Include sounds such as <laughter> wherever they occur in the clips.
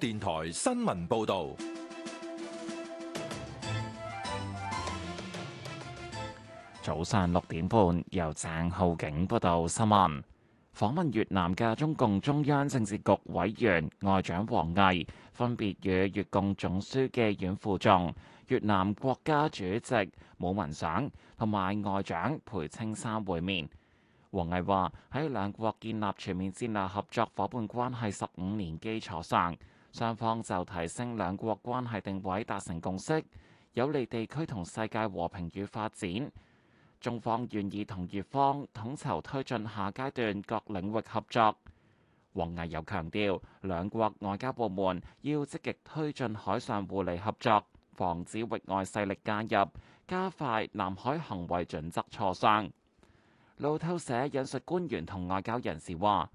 電台新聞報道，早上六點半，由鄭浩景報道新聞。訪問越南嘅中共中央政治局委員外長王毅，分別與越共總書記阮富仲、越南國家主席武文賞同埋外長裴青山會面。王毅話喺兩國建立全面戰略合作伙伴關係十五年基礎上。雙方就提升兩國關係定位達成共識，有利地區同世界和平與發展。中方願意同越方統籌推進下階段各領域合作。王毅又強調，兩國外交部門要積極推進海上互利合作，防止域外勢力介入，加快南海行為準則磋商。路透社引述官員同外交人士話：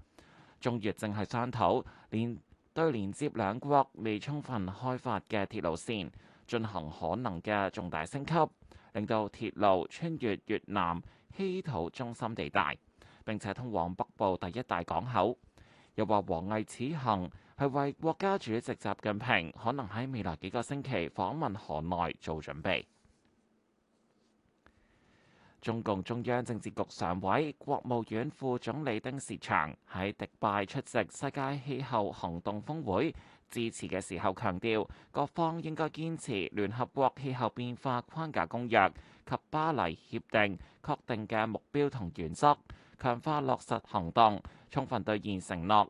中越正係商討連。對連接兩國未充分開發嘅鐵路線進行可能嘅重大升級，令到鐵路穿越越南稀土中心地帶，並且通往北部第一大港口。又話王毅此行係為國家主席習近平可能喺未來幾個星期訪問河內做準備。中共中央政治局常委、國務院副總理丁薛祥喺迪拜出席世界氣候行動峰會致辭嘅時候，強調各方應該堅持聯合國氣候變化框架公約及巴黎協定確定嘅目標同原則，強化落實行動，充分兌現承諾，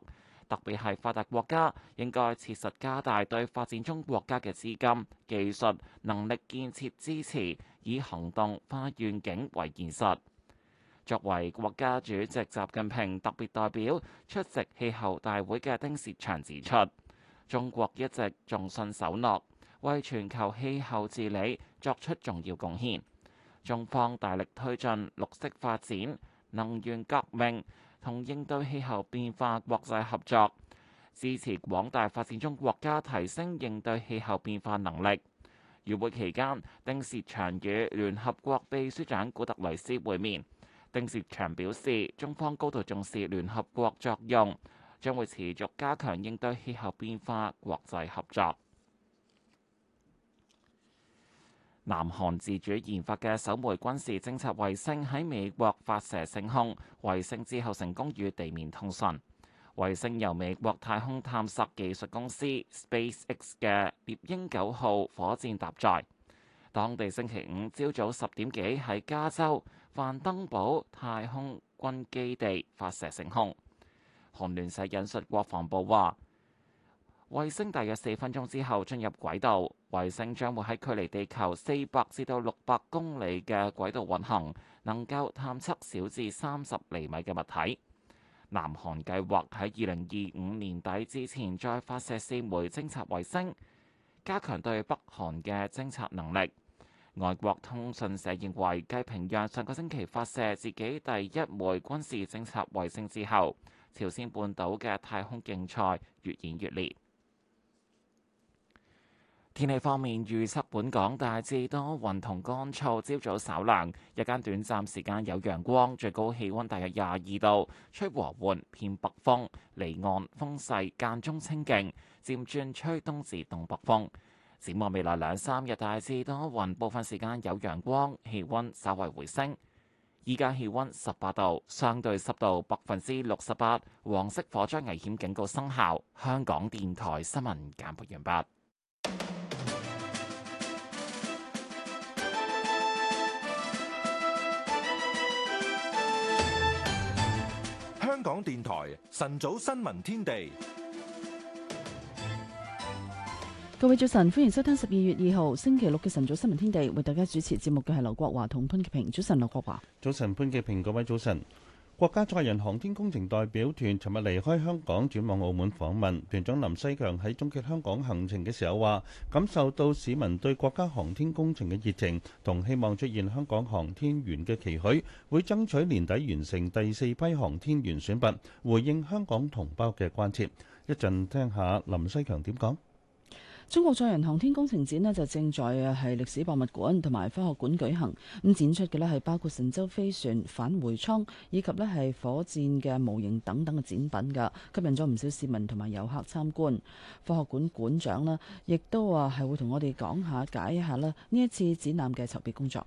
特別係發達國家應該切實加大對發展中國家嘅資金、技術、能力建設支持。以行動化願景為現實。作為國家主席習近平特別代表出席氣候大會嘅丁薛祥指出，中國一直重信守諾，為全球氣候治理作出重要貢獻。中方大力推進綠色發展、能源革命同應對氣候變化國際合作，支持廣大發展中國家提升應對氣候變化能力。與會期間，丁薛祥與聯合國秘書長古特雷斯會面。丁薛祥表示，中方高度重視聯合國作用，將會持續加強應對氣候變化國際合作。南韓自主研發嘅首枚軍事偵察衛星喺美國發射升空，衛星之後成功與地面通訊。衛星由美國太空探索技術公司 SpaceX 嘅獵鷹九號火箭搭載，當地星期五朝早十點幾喺加州范登堡太空軍基地發射升空。韓聯社引述國防部話，衛星大約四分鐘之後進入軌道，衛星將會喺距離地球四百至到六百公里嘅軌道運行，能夠探測小至三十厘米嘅物體。南韓計劃喺二零二五年底之前再發射四枚偵察衛星，加強對北韓嘅偵察能力。外國通訊社認為，繼平壤上個星期發射自己第一枚軍事偵察衛星之後，朝鮮半島嘅太空競賽越演越烈。天氣方面，預測本港大致多雲同乾燥，朝早稍涼，日間短暫時間有陽光，最高氣溫大約廿二度，吹和緩偏北風，離岸風勢間中清勁，漸轉吹東至東北風。展望未來兩三日，大致多雲，部分時間有陽光，氣溫稍為回升。依家氣溫十八度，相對濕度百分之六十八，黃色火災危險警告生效。香港電台新聞簡報完畢。電台晨早新聞天地，各位早晨，歡迎收聽十二月二號星期六嘅晨早新聞天地，為大家主持節目嘅係劉國華同潘潔平。早晨，劉國華，早晨，潘潔平，各位早晨。國家載人航天工程代表團尋日離開香港，轉往澳門訪問。團長林西強喺總結香港行程嘅時候話，感受到市民對國家航天工程嘅熱情，同希望出現香港航天員嘅期許，會爭取年底完成第四批航天員選拔，回應香港同胞嘅關切。一陣聽下林西強點講。中國載人航天工程展咧就正在係歷史博物館同埋科學館舉行，咁展出嘅咧係包括神舟飛船返回艙，以及咧係火箭嘅模型等等嘅展品噶吸引咗唔少市民同埋遊客參觀。科學館館長咧亦都話係會同我哋講下解一下啦，呢一次展覽嘅籌備工作。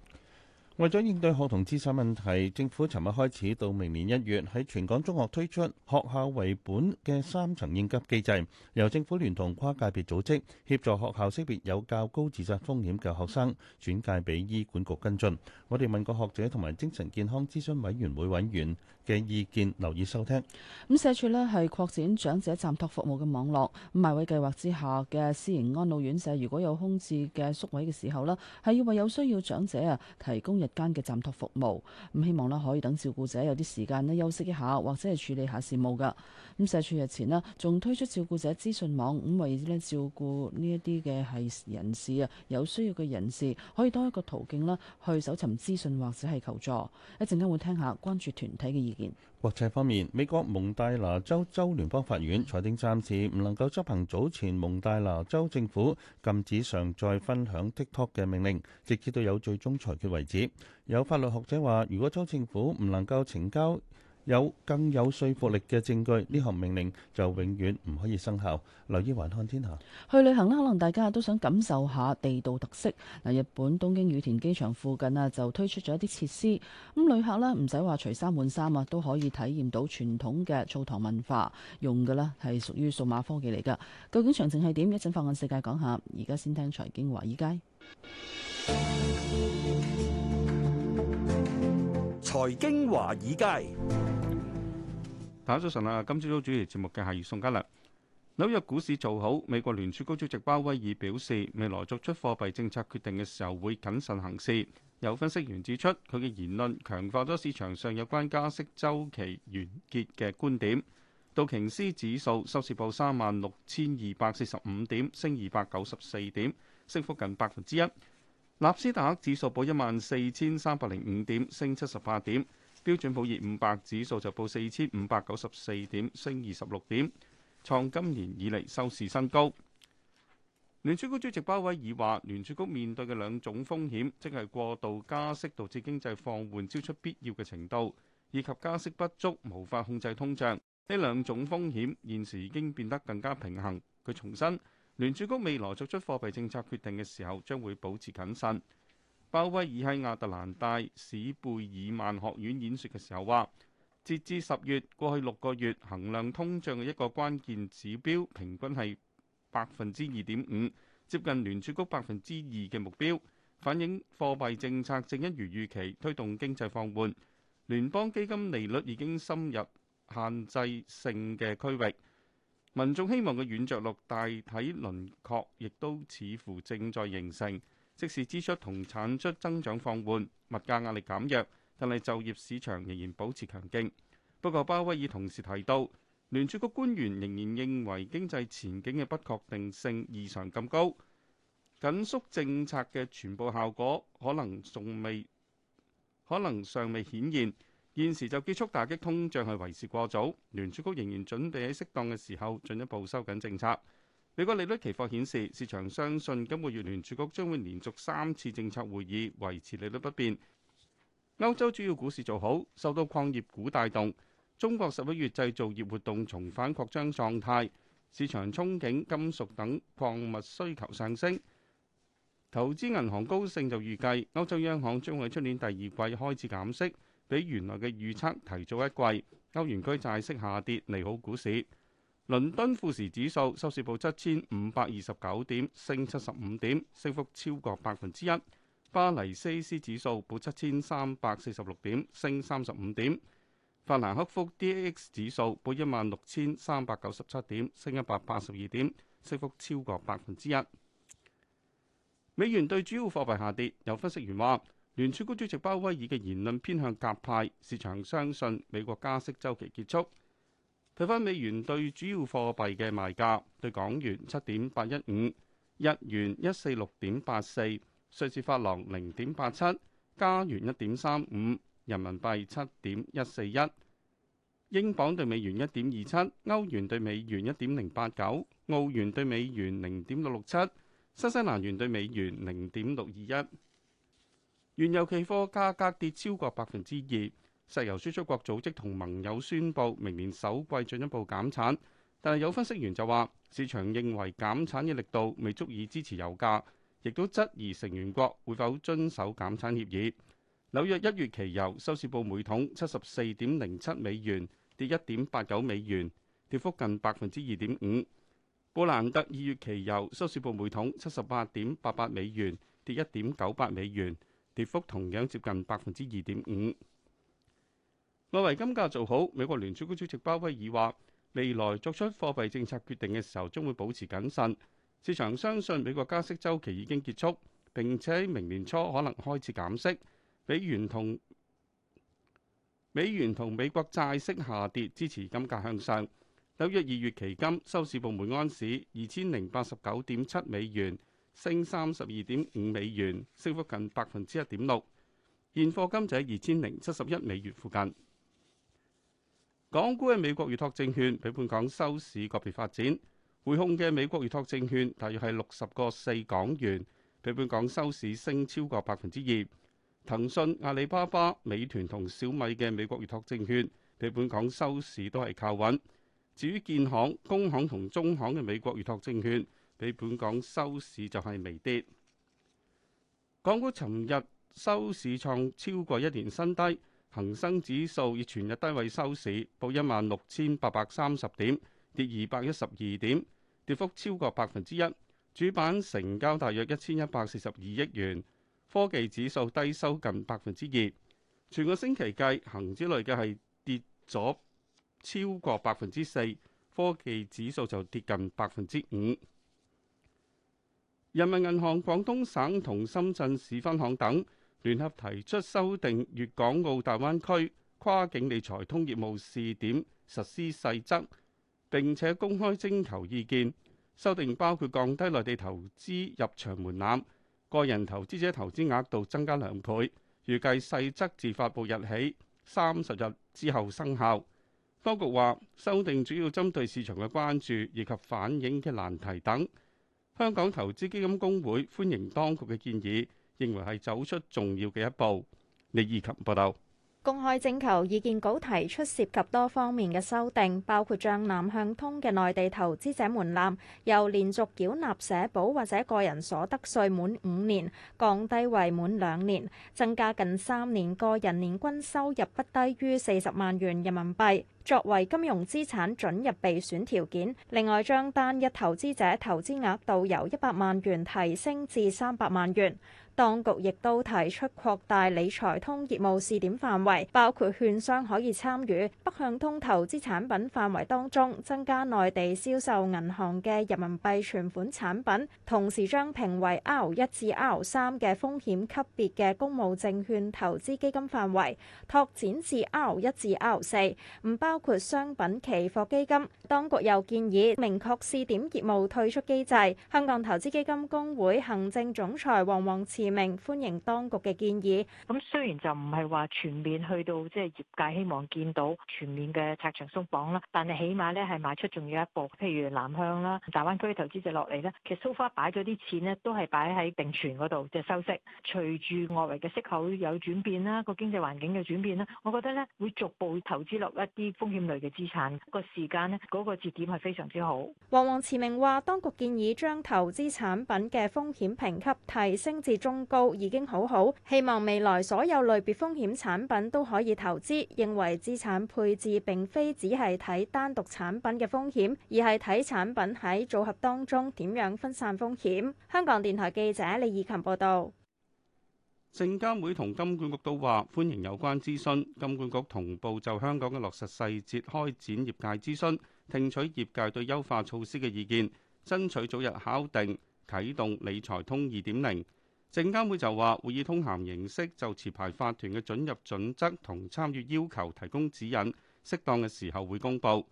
為咗應對學童自殺問題，政府尋日開始到明年一月喺全港中學推出學校為本嘅三層應急機制，由政府聯同跨界別組織協助學校識別有較高自殺風險嘅學生，轉介俾醫管局跟進。我哋問過學者同埋精神健康諮詢委員會委員嘅意見，留意收聽。咁社署咧係擴展長者暫托服務嘅網絡，買位計劃之下嘅私營安老院舍如果有空置嘅宿位嘅時候咧，係要為有需要長者啊提供。日間嘅暫託服務，咁希望咧可以等照顧者有啲時間咧休息一下，或者係處理下事務㗎。咁社署日前咧仲推出照顧者資訊網，咁為咧照顧呢一啲嘅係人士啊，有需要嘅人士可以多一個途徑啦，去搜尋資訊或者係求助。一陣間會聽下關注團體嘅意見。國際方面，美國蒙大拿州州聯邦法院裁定暫時唔能夠執行早前蒙大拿州政府禁止上載分享 TikTok 嘅命令，直至到有最終裁決為止。有法律學者話，如果州政府唔能夠成交。有更有說服力嘅證據，呢項命令就永遠唔可以生效。留意環看天下去旅行啦，可能大家都想感受下地道特色。嗱，日本東京羽田機場附近啊，就推出咗一啲設施，咁旅客呢，唔使話除衫換衫啊，都可以體驗到傳統嘅澡堂文化。用嘅呢係屬於數碼科技嚟噶。究竟詳情係點？一陣放眼世界講下。而家先聽財經華爾街。財經華爾街，大家早晨啊！今朝早主持節目嘅係宋嘉良。紐約股市做好，美國聯儲高主席鮑威爾表示，未來作出貨幣政策決定嘅時候會謹慎行事。有分析員指出，佢嘅言論強化咗市場上有關加息周期完結嘅觀點。道瓊斯指數收市報三萬六千二百四十五點，升二百九十四點，升幅近百分之一。納斯達克指數報一萬四千三百零五點，升七十八點；標準普爾五百指數就報四千五百九十四點，升二十六點，創今年以嚟收市新高。聯儲局主席鮑威爾話：聯儲局面對嘅兩種風險，即係過度加息導致經濟放緩超出必要嘅程度，以及加息不足無法控制通脹。呢兩種風險現時已經變得更加平衡。佢重申，聯儲局未來作出貨幣政策決定嘅時候，將會保持謹慎。鮑威爾喺亞特蘭大史貝爾曼學院演說嘅時候話，截至十月過去六個月，衡量通脹嘅一個關鍵指標平均係百分之二點五，接近聯儲局百分之二嘅目標，反映貨幣政策正一如預期推動經濟放緩。聯邦基金利率已經深入限制性嘅區域。民眾希望嘅軟着陸大體輪廓亦都似乎正在形成，即使支出同產出增長放緩，物價壓力減弱，但係就業市場仍然保持強勁。不過，鮑威爾同時提到，聯儲局官員仍然認為經濟前景嘅不確定性異常咁高，緊縮政策嘅全部效果可能仲未，可能尚未顯現。現時就結束打擊通脹係為時過早，聯儲局仍然準備喺適當嘅時候進一步收緊政策。美國利率期貨顯示，市場相信今個月聯儲局將會連續三次政策會議維持利率不變。歐洲主要股市做好，受到礦業股帶動。中國十一月製造業活動重返擴張狀態，市場憧憬金屬等礦物需求上升。投資銀行高盛就預計，歐洲央行將會喺出年第二季開始減息。比原來嘅預測提早一季，歐元區債息下跌，利好股市。倫敦富時指數收市報七千五百二十九點，升七十五點，升幅超過百分之一。巴黎 CAC 指數報七千三百四十六點，升三十五點。法蘭克福 DAX 指數報一萬六千三百九十七點，升一百八十二點，升幅超過百分之一。美元對主要貨幣下跌，有分析員話，聯儲局主席鮑威爾嘅言論偏向鴿派，市場相信美國加息週期結束。睇返美元對主要貨幣嘅賣價：對港元七點八一五，日元一四六點八四，瑞士法郎零點八七，加元一點三五，人民幣七點一四一，英鎊對美元一點二七，歐元對美元一點零八九，澳元對美元零點六六七，新西蘭元對美元零點六二一。原油期貨價格跌超過百分之二，石油輸出國組織同盟友宣佈明年首季進一步減產，但係有分析員就話，市場認為減產嘅力度未足以支持油價，亦都質疑成員國會否遵守減產協議。紐約一月期油收市報每桶七十四點零七美元，跌一點八九美元，跌幅近百分之二點五。布蘭特二月期油收市報每桶七十八點八八美元，跌一點九八美元。跌幅同樣接近百分之二點五。外圍金價做好，美國聯儲局主席鮑威爾話：未來作出貨幣政策決定嘅時候，將會保持謹慎。市場相信美國加息周期已經結束，並且明年初可能開始減息。美元同美元同美國債息下跌，支持金價向上。紐約二月期金收市，報每安士二千零八十九點七美元。升三十二點五美元，升幅近百分之一點六。現貨金就喺二千零七十一美元附近。港股嘅美國預託證券，比本港收市個別發展。匯控嘅美國預託證券，大約係六十個四港元，比本港收市升超過百分之二。騰訊、阿里巴巴、美團同小米嘅美國預託證券，比本港收市都係靠穩。至於建行、工行同中行嘅美國預託證券，俾本港收市就係微跌。港股尋日收市創超過一年新低，恒生指數以全日低位收市，報一萬六千八百三十點，跌二百一十二點，跌幅超過百分之一。主板成交大約一千一百四十二億元，科技指數低收近百分之二。全個星期計，恒指累計係跌咗超過百分之四，科技指數就跌近百分之五。人民銀行廣東省同深圳市分行等聯合提出修訂粵港澳大灣區跨境理財通業務試點實施細則，並且公開徵求意見。修訂包括降低內地投資入場門檻，個人投資者投資額度增加兩倍。預計細則自發佈日起三十日之後生效。當局話修訂主要針對市場嘅關注以及反映嘅難題等。香港投資基金公會歡迎當局嘅建議，認為係走出重要嘅一步。李意勤報道。公開徵求意見稿提出涉及多方面嘅修訂，包括將南向通嘅內地投資者門檻由連續繳納社保或者個人所得稅滿五年，降低為滿兩年，增加近三年個人年均收入不低於四十萬元人民幣作為金融資產準入備選條件。另外，將單一投資者投資額度由一百萬元提升至三百萬元。當局亦都提出擴大理財通業務試點範圍，包括券商可以參與北向通投資產品範圍當中，增加內地銷售銀行嘅人民幣存款產品，同時將評為 R 一至 R 三嘅風險級別嘅公募證券投資基金範圍拓展至 R 一至 R 四，唔包括商品期貨基金。當局又建議明確試點業務退出機制。香港投資基金公會行政總裁黃黃持明歡迎當局嘅建議。咁雖然就唔係話全面去到即係業界希望見到全面嘅拆牆鬆綁啦，但係起碼咧係邁出重要一步，譬如南向啦、大灣區嘅投資者落嚟咧。其實 so far 擺咗啲錢咧，都係擺喺定存嗰度即係收息。隨住外圍嘅息口有轉變啦，個經濟環境嘅轉變啦，我覺得咧會逐步投資落一啲風險類嘅資產。個時間咧嗰個節點係非常之好。黃恆持明話當局建議將投資產品嘅風險評級提升至中。高已經好好，希望未來所有類別風險產品都可以投資，認為資產配置並非只係睇單獨產品嘅風險，而係睇產品喺組合當中點樣分散風險，香港電台記者李以琴報道。證監會同金管局都話歡迎有關諮詢，金管局同步就香港嘅落實細節開展業界諮詢，聽取業界對優化措施嘅意見，爭取早日敲定啟動理財通二點零。證監會就話，會以通函形式就持牌法團嘅准入準則同參與要求提供指引，適當嘅時候會公佈。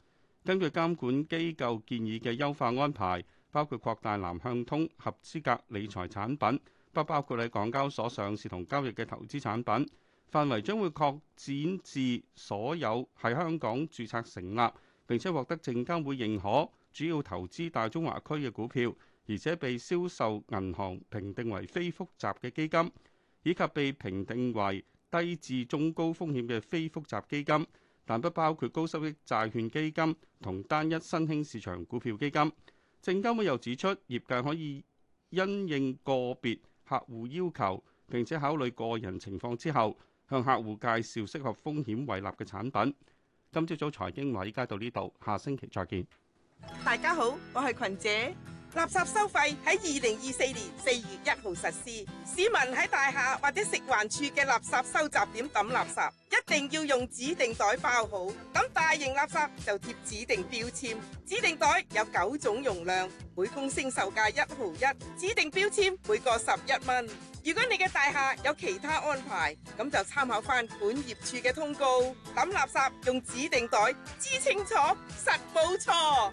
根據監管機構建議嘅優化安排，包括擴大南向通合資格理財產品，不包括喺港交所上市同交易嘅投資產品。範圍將會擴展至所有喺香港註冊成立，並且獲得證監會認可，主要投資大中華區嘅股票。而且被銷售銀行評定為非複雜嘅基金，以及被評定為低至中高風險嘅非複雜基金，但不包括高收益債券基金同單一新興市場股票基金。證監會又指出，業界可以因應個別客戶要求，並且考慮個人情況之後，向客戶介紹適合風險胃納嘅產品。今朝早財經話，依家到呢度，下星期再見。大家好，我係群姐。垃圾收費喺二零二四年四月一號實施，市民喺大廈或者食環處嘅垃圾收集點抌垃圾，一定要用指定袋包好。咁大型垃圾就貼指定標籤，指定袋有九種容量，每公升售價一毫一。指定標籤每個十一蚊。如果你嘅大廈有其他安排，咁就參考返本業處嘅通告。抌垃圾用指定袋，知清楚，實冇錯。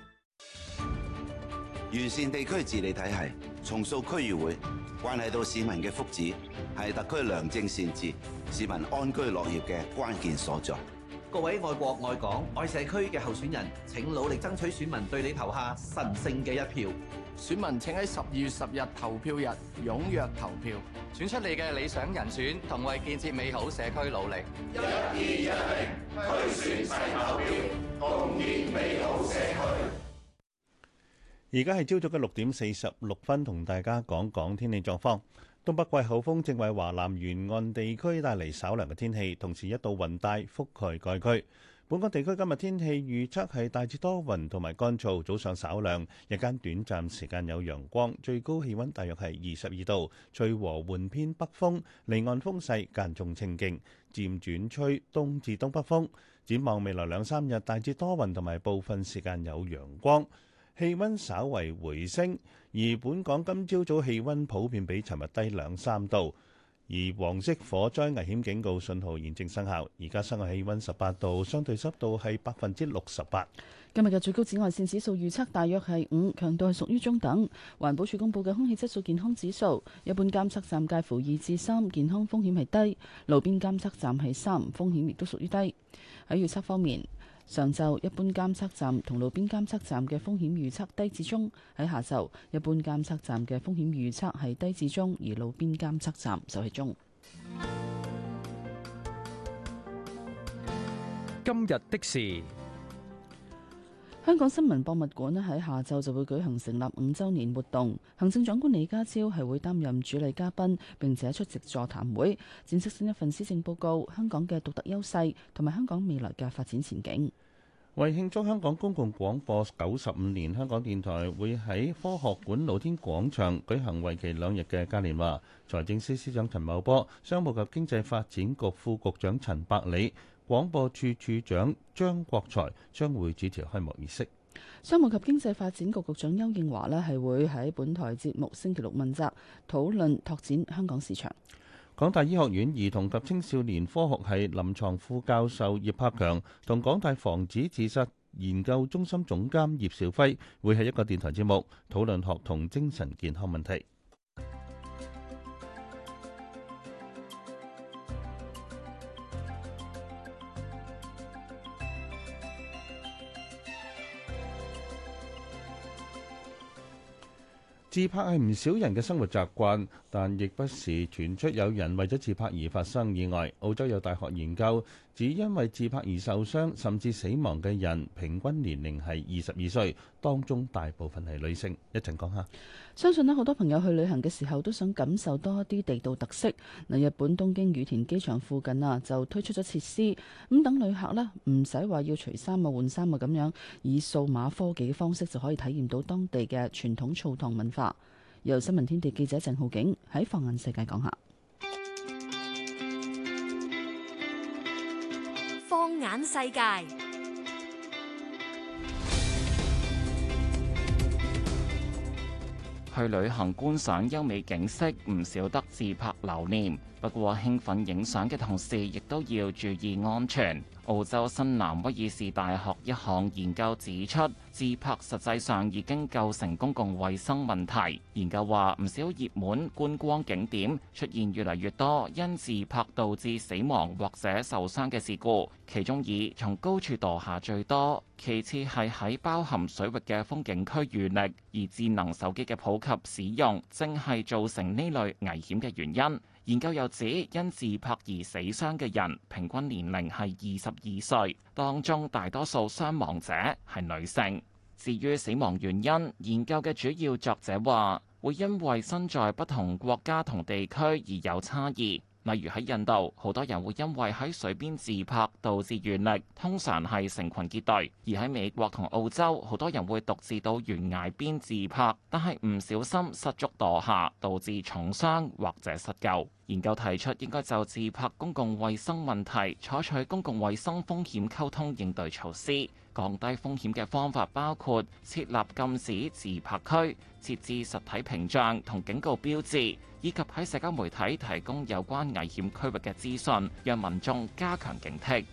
完善地區治理體系，重塑區議會，關係到市民嘅福祉，係特區良政善治、市民安居樂業嘅關鍵所在。各位愛國愛港愛社區嘅候選人，請努力爭取選民對你投下神聖嘅一票。選民請喺十二月十日投票日踴躍投票，選出你嘅理想人選，同為建設美好社區努力。一、二、一，區選齊投票，共建美好社區。而家係朝早嘅六點四十六分，同大家講講天氣狀況。東北季候風正為華南沿岸地區帶嚟稍涼嘅天氣，同時一道雲帶覆蓋該區。本港地區今日天氣預測係大致多雲同埋乾燥，早上稍涼，日間短暫時間有陽光，最高氣温大約係二十二度。隨和緩偏北風，離岸風勢間中清勁，漸轉吹東至東北風。展望未來兩三日，大致多雲同埋部分時間有陽光。氣温稍為回升，而本港今朝早早氣温普遍比尋日低兩三度，而黃色火災危險警告信號現正生效。而家室外氣溫十八度，相對濕度係百分之六十八。今日嘅最高紫外線指數預測大約係五，強度係屬於中等。環保署公布嘅空氣質素健康指數，一般監測站介乎二至三，健康風險係低；路邊監測站係三，風險亦都屬於低。喺預測方面，上晝一般監測站同路邊監測站嘅風險預測低至中，喺下晝一般監測站嘅風險預測係低至中，而路邊監測站就係中。今日的事。香港新聞博物館呢喺下晝就會舉行成立五週年活動，行政長官李家超係會擔任主禮嘉賓，並且出席座談會，展示新一份施政報告、香港嘅獨特優勢同埋香港未來嘅發展前景。為慶祝香港公共廣播九十五年，香港電台會喺科學館露天廣場舉行為期兩日嘅嘉年華。財政司司長陳茂波、商務及經濟發展局副局長陳百里。廣播處處長張國財將會主持開幕儀式。商務及經濟發展局局長邱應華呢係會喺本台節目星期六問責，討論拓展香港市場。港大醫學院兒童及青少年科學系臨床副教授葉柏強同港大防止自殺研究中心總監葉兆輝會喺一個電台節目討論學童精神健康問題。自拍係唔少人嘅生活習慣。但亦不時傳出有人為咗自拍而發生意外。澳洲有大學研究，指因為自拍而受傷甚至死亡嘅人，平均年齡係二十二歲，當中大部分係女性。一陣講下。相信咧好多朋友去旅行嘅時候都想感受多啲地道特色。嗱，日本東京羽田機場附近啊就推出咗設施，咁等旅客咧唔使話要除衫啊換衫啊咁樣，以數碼科技嘅方式就可以體驗到當地嘅傳統澡堂文化。由新聞天地記者鄭浩景喺放眼世界講下，放眼世界。去旅行觀賞優美景色，唔少得自拍留念。不過，興奮影相嘅同時亦都要注意安全。澳洲新南威爾士大學一項研究指出，自拍實際上已經構成公共衛生問題。研究話，唔少熱門觀光景點出現越嚟越多因自拍導致死亡或者受傷嘅事故，其中以從高處墮下最多，其次係喺包含水域嘅風景區遇溺，而智能手機嘅普及使用正係造成呢類危險嘅原因。研究又指，因自拍而死傷嘅人平均年齡係二十二歲，當中大多數傷亡者係女性。至於死亡原因，研究嘅主要作者話會因為身在不同國家同地區而有差異。例如喺印度，好多人會因為喺水邊自拍導致遇溺，通常係成群結隊，而喺美國同澳洲，好多人會獨自到懸崖邊自拍，但係唔小心失足墮下，導致重傷或者失救。研究提出，應該就自拍公共衛生問題採取公共衛生風險溝通應對措施。降低風險嘅方法包括設立禁止自拍區、設置實體屏障同警告標誌，以及喺社交媒體提供有關危險區域嘅資訊，讓民眾加強警惕。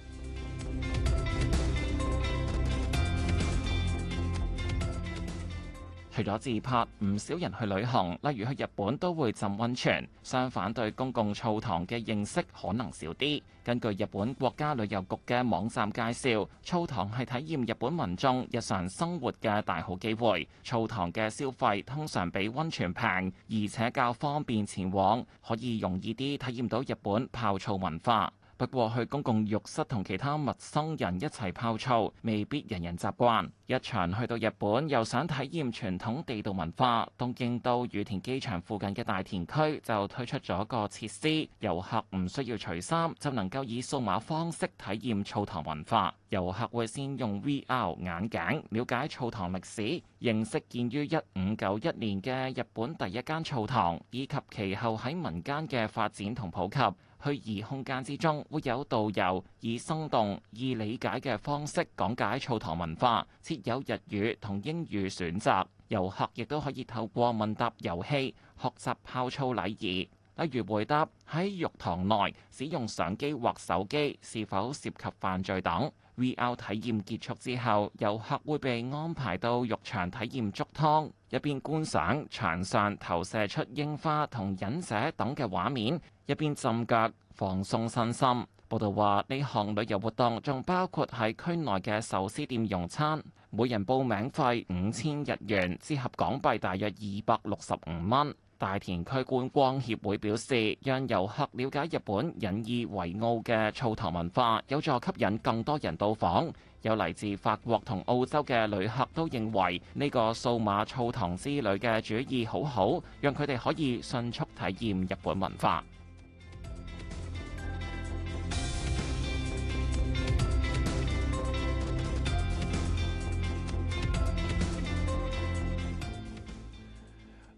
除咗自拍，唔少人去旅行，例如去日本都會浸溫泉。相反，對公共澡堂嘅認識可能少啲。根據日本國家旅遊局嘅網站介紹，澡堂係體驗日本民眾日常生活嘅大好機會。澡堂嘅消費通常比溫泉平，而且較方便前往，可以容易啲體驗到日本泡澡文化。不過去公共浴室同其他陌生人一齊泡澡，未必人人習慣。一場去到日本又想體驗傳統地道文化，東京都羽田機場附近嘅大田區就推出咗個設施，遊客唔需要除衫，就能夠以數碼方式體驗澡堂文化。遊客會先用 VR 眼鏡了解澡堂歷史，認識建於一五九一年嘅日本第一間澡堂，以及其後喺民間嘅發展同普及。虛擬空間之中，會有導遊以生動、易理解嘅方式講解澡堂文化，設有日語同英語選擇，遊客亦都可以透過問答遊戲學習泡澡禮儀，例如回答喺浴堂內使用相機或手機是否涉及犯罪等。VR 體驗結束之後，遊客會被安排到浴場體驗足湯，一邊觀賞牆上投射出櫻花同忍者等嘅畫面，一邊浸腳放鬆身心。報道話，呢項旅遊活動仲包括喺區內嘅壽司店用餐。每人報名費五千日元，折合港幣大約二百六十五蚊。大田區觀光協會表示，讓遊客了解日本引以為傲嘅澡堂文化，有助吸引更多人到訪。有嚟自法國同澳洲嘅旅客都認為呢個數碼澡堂之旅嘅主意好好，讓佢哋可以迅速體驗日本文化。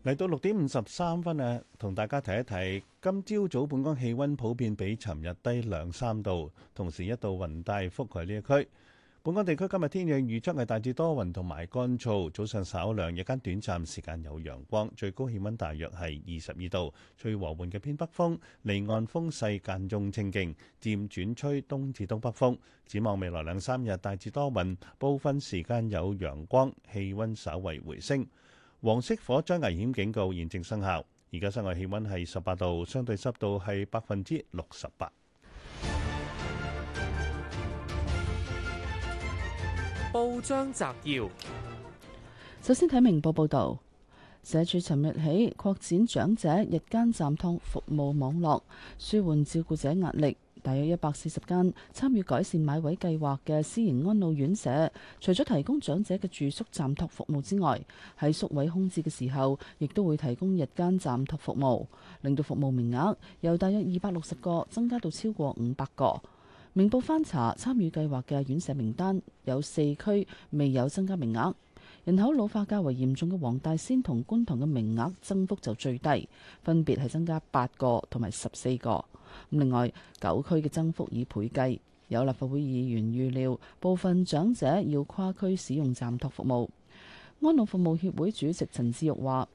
嚟到六點五十三分啊，同大家提一提，今朝早本港氣温普遍比尋日低兩三度，同時一度雲帶覆蓋呢一區。本港地區今日天氣預測係大致多雲同埋乾燥，早上稍涼，日間短暫時間有陽光，最高氣温大約係二十二度，吹和緩嘅偏北風，離岸風勢間中清勁，漸轉吹東至東北風。展望未來兩三日，大致多雲，部分時間有陽光，氣温稍為回升。黃色火災危險警告現正生效，而家室外氣溫係十八度，相對濕度係百分之六十八。報章摘要：首先睇明報報道，社署尋日起擴展長者日間暫託服務網絡，舒緩照顧者壓力。大約一百四十間參與改善買位計劃嘅私營安老院舍，除咗提供長者嘅住宿暫托服務之外，喺宿位空置嘅時候，亦都會提供日間暫托服務，令到服務名額由大約二百六十個增加到超過五百個。明報翻查參與計劃嘅院舍名單，有四區未有增加名額。人口老化較為嚴重嘅黃大仙同觀塘嘅名額增幅就最低，分別係增加八個同埋十四個。另外，九區嘅增幅以倍計。有立法會議員預料，部分長者要跨區使用暫託服務。安老服務協會主席陳志玉話：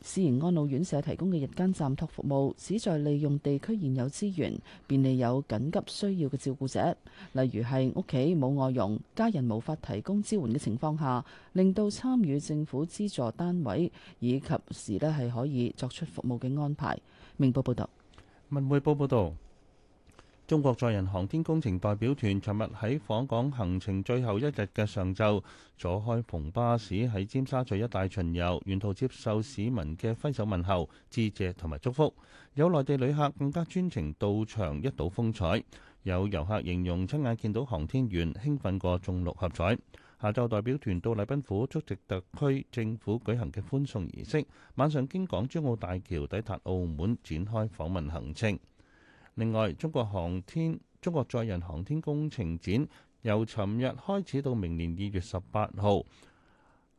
私營安老院舍提供嘅日間暫託服務，旨在利用地區現有資源，便利有緊急需要嘅照顧者，例如係屋企冇外傭、家人無法提供支援嘅情況下，令到參與政府資助單位，以及時咧係可以作出服務嘅安排。明報報道。文匯報報道，中國載人航天工程代表團尋日喺訪港行程最後一日嘅上晝，坐開篷巴士喺尖沙咀一帶巡遊，沿途接受市民嘅揮手問候、致謝同埋祝福。有內地旅客更加專程到場一睹風采，有遊客形容親眼見到航天員興奮過中六合彩。下晝代表團到禮賓府出席特區政府舉行嘅歡送儀式，晚上經港珠澳大橋抵達澳門，展開訪問行程。另外，中國航天中國載人航天工程展由尋日開始到明年二月十八號，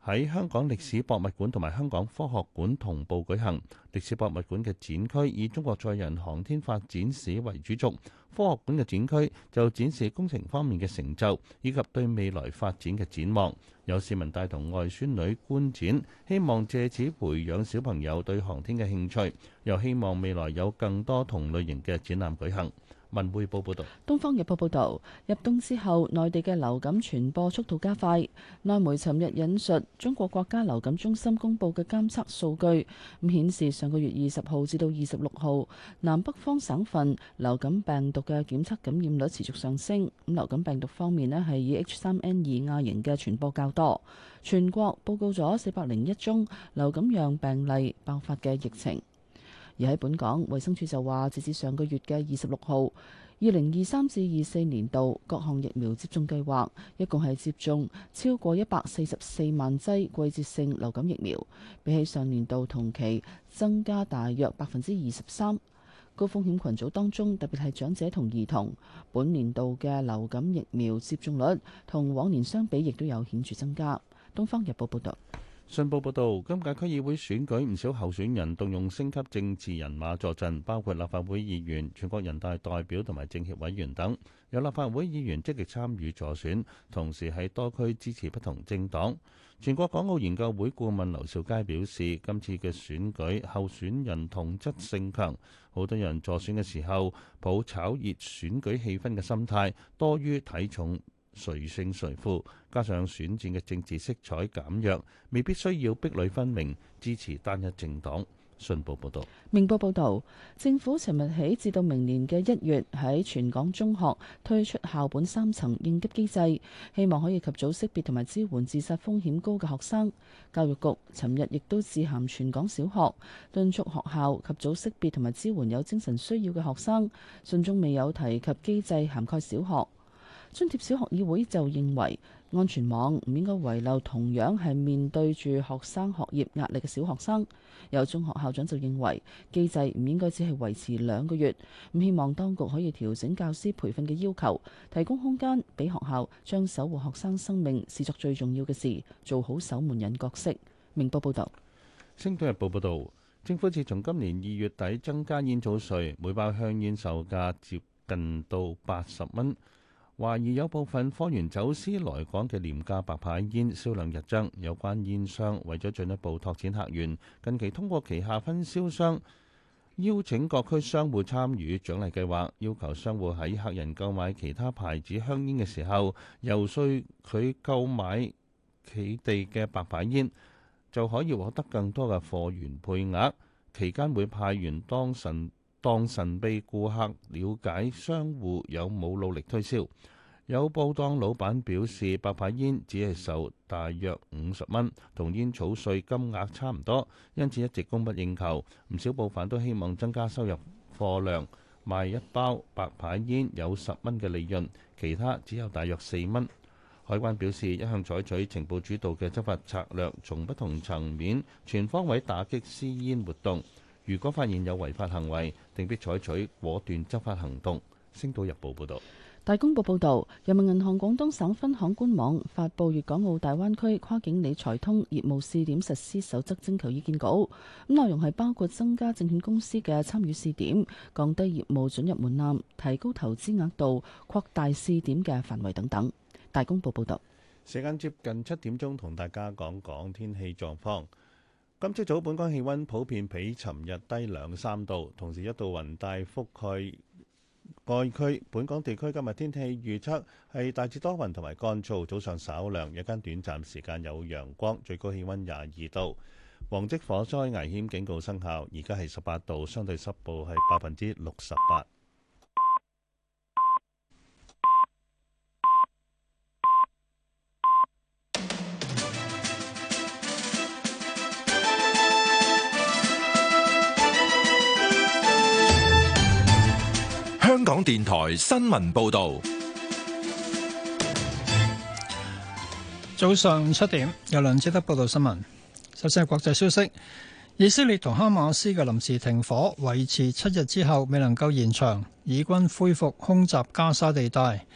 喺香港歷史博物館同埋香港科學館同步舉行。歷史博物館嘅展區以中國載人航天發展史為主軸，科學館嘅展區就展示工程方面嘅成就以及對未來發展嘅展望。有市民帶同外孫女觀展，希望借此培養小朋友對航天嘅興趣，又希望未來有更多同類型嘅展覽舉行。文匯報報道，東方日報報道，入冬之後，內地嘅流感傳播速度加快。內媒尋日引述中國國家流感中心公布嘅監測數據咁顯示，上個月二十號至到二十六號，南北方省份流感病毒嘅檢測感染率持續上升。咁流感病毒方面呢係以 H 三 N 二亞型嘅傳播較多，全國報告咗四百零一宗流感樣病例爆發嘅疫情。而喺本港，衛生署就話，截至上個月嘅二十六號，二零二三至二四年度各項疫苗接種計劃，一共係接種超過一百四十四萬劑季，季節性流感疫苗，比起上年度同期增加大約百分之二十三。高風險群組當中，特別係長者同兒童，本年度嘅流感疫苗接種率同往年相比，亦都有顯著增加。《東方日報，報》報道。信報報道，今屆區議會選舉唔少候選人動用升級政治人馬助陣，包括立法會議員、全國人大代表同埋政協委員等。有立法會議員積極參與助選，同時喺多區支持不同政黨。全國港澳研究會顧問劉兆佳表示，今次嘅選舉候選人同質性強，好多人助選嘅時候抱炒熱選舉氣氛嘅心態，多於睇重。誰勝誰負，加上選戰嘅政治色彩減弱，未必需要壁壘分明支持單一政黨。信報報道。明報報道，政府尋日起至到明年嘅一月，喺全港中學推出校本三層應急機制，希望可以及早識別同埋支援自殺風險高嘅學生。教育局尋日亦都致函全港小學，敦促學校及早識別同埋支援有精神需要嘅學生，信中未有提及機制涵蓋小學。津貼小學議會就認為安全網唔應該遺漏同樣係面對住學生學業壓力嘅小學生。有中學校長就認為機制唔應該只係維持兩個月，咁希望當局可以調整教師培訓嘅要求，提供空間俾學校將守護學生生命視作最重要嘅事，做好守門人角色。明報報道，《星島日報》報道，政府自從今年二月底增加煙草稅，每包香煙售價接近到八十蚊。懷疑有部分貨源走私來港嘅廉價白牌煙銷量日增，有關煙商為咗進一步拓展客源，近期通過旗下分銷商邀請各區商戶參與獎勵計劃，要求商戶喺客人購買其他牌子香煙嘅時候遊說佢購買佢哋嘅白牌煙，就可以獲得更多嘅貨源配額。期間會派員當晨，當神秘顧客了解商戶有冇努力推銷，有報檔老闆表示，白牌煙只係售大約五十蚊，同煙草稅金額差唔多，因此一直供不應求。唔少部分都希望增加收入貨量，賣一包白牌煙有十蚊嘅利潤，其他只有大約四蚊。海關表示，一向採取情報主導嘅執法策略，從不同層面、全方位打擊私煙活動。如果發現有違法行為，定必採取果斷執法行動。星島日報報道。大公報報道，人民銀行廣東省分行官網發布《粵港澳大灣區跨境理財通業務試點實施守則徵求意見稿》。咁內容係包括增加證券公司嘅參與試點，降低業務准入門檻，提高投資額度，擴大試點嘅範圍等等。大公報報道。時間接近七點鐘，同大家講講天氣狀況。今朝早本港氣溫普遍比尋日低兩三度，同時一道雲帶覆蓋該區。本港地區今日天氣預測係大致多雲同埋乾燥，早上稍涼，日間短暫時間有陽光，最高氣溫廿二度。黃色火災危險警告生效，而家係十八度，相對濕度係百分之六十八。香港電台新聞報道，早上七點，由梁志德報道新聞。首先係國際消息，以色列同哈馬斯嘅臨時停火維持七日之後，未能夠延長。以軍恢復空襲加沙地帶。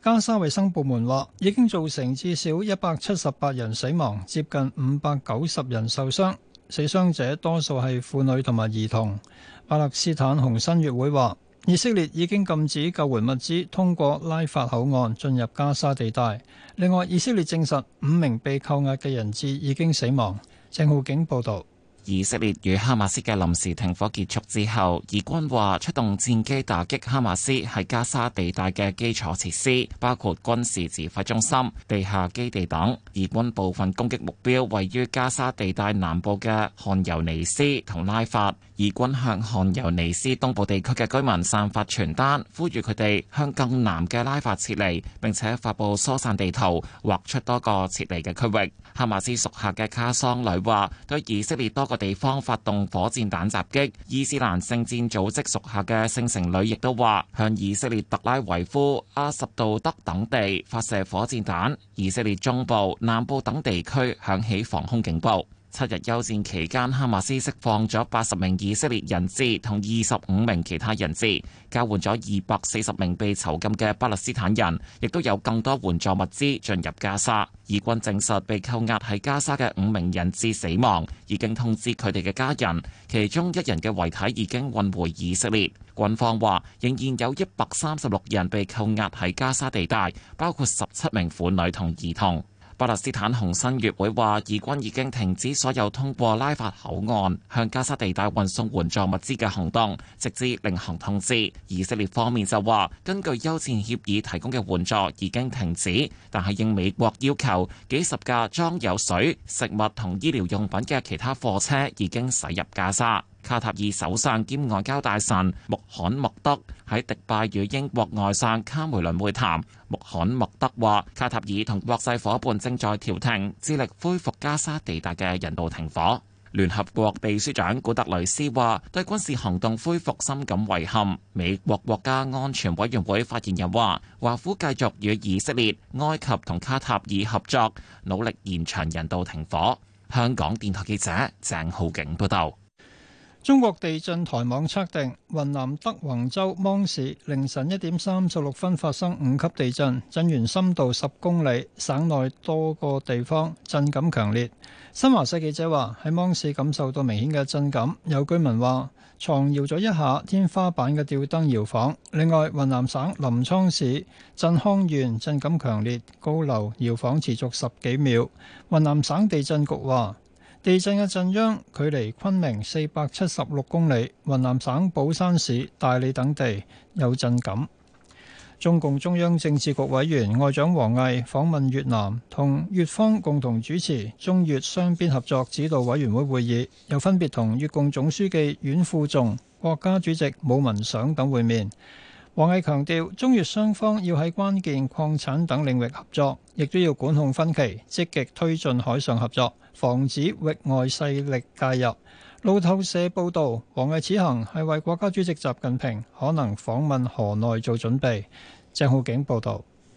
加沙衛生部門話，已經造成至少一百七十八人死亡，接近五百九十人受傷。死傷者多數係婦女同埋兒童。巴勒斯坦紅新月會話。以色列已經禁止救援物資通過拉法口岸進入加沙地帶。另外，以色列證實五名被扣押嘅人質已經死亡。鄭浩景報導。以色列與哈馬斯嘅臨時停火結束之後，以軍話出動戰機打擊哈馬斯喺加沙地帶嘅基礎設施，包括軍事指揮中心、地下基地等。以軍部分攻擊目標位於加沙地帶南部嘅汗尤尼斯同拉法。以軍向汗尤尼斯東部地區嘅居民散發傳單，呼籲佢哋向更南嘅拉法撤離，並且發布疏散地圖，劃出多個撤離嘅區域。哈馬斯屬下嘅卡桑旅話：對以色列多個地方發動火箭彈襲擊，伊斯蘭聖戰組織屬下嘅聖城旅亦都話向以色列特拉維夫、阿什杜德等地發射火箭彈，以色列中部、南部等地區響起防空警報。七日休戰期間，哈馬斯釋放咗八十名以色列人質同二十五名其他人質，交換咗二百四十名被囚禁嘅巴勒斯坦人，亦都有更多援助物資進入加沙。以軍證實被扣押喺加沙嘅五名人質死亡，已經通知佢哋嘅家人，其中一人嘅遺體已經運回以色列。軍方話，仍然有一百三十六人被扣押喺加沙地帶，包括十七名婦女同兒童。巴勒斯坦紅新月會話，以軍已經停止所有通過拉法口岸向加沙地帶運送援助物資嘅行動，直至另行通知。以色列方面就話，根據休戰協議提供嘅援助已經停止，但係應美國要求，幾十架裝有水、食物同醫療用品嘅其他貨車已經駛入加沙。卡塔爾首相兼外交大臣穆罕默德喺迪拜與英國外相卡梅倫會談。穆罕默德話，卡塔爾同國際夥伴正在調停，致力恢復加沙地帶嘅人道停火。聯合國秘書長古特雷斯話，對軍事行動恢復深感遺憾。美國國家安全委員會發言人話，華府繼續與以色列、埃及同卡塔爾合作，努力延長人道停火。香港電台記者鄭浩景報道。中國地震台網測定，雲南德宏州芒市凌晨一點三十六分發生五級地震，震源深度十公里，省內多個地方震感強烈。新華社記者話喺芒市感受到明顯嘅震感，有居民話床搖咗一下，天花板嘅吊燈搖晃。另外，雲南省臨滄市鎮康縣震感強烈，高樓搖晃持續十幾秒。雲南省地震局話。地震嘅震央距離昆明四百七十六公里，雲南省保山市大理等地有震感。中共中央政治局委員外長王毅訪問越南，同越方共同主持中越雙邊合作指導委員會會議，又分別同越共總書記阮富仲、國家主席武文賞等會面。王毅強調，中越雙方要喺關鍵礦產等領域合作。亦都要管控分歧，積極推進海上合作，防止域外勢力介入。路透社報道，王毅此行係為國家主席習近平可能訪問河內做準備，鄭浩景報道。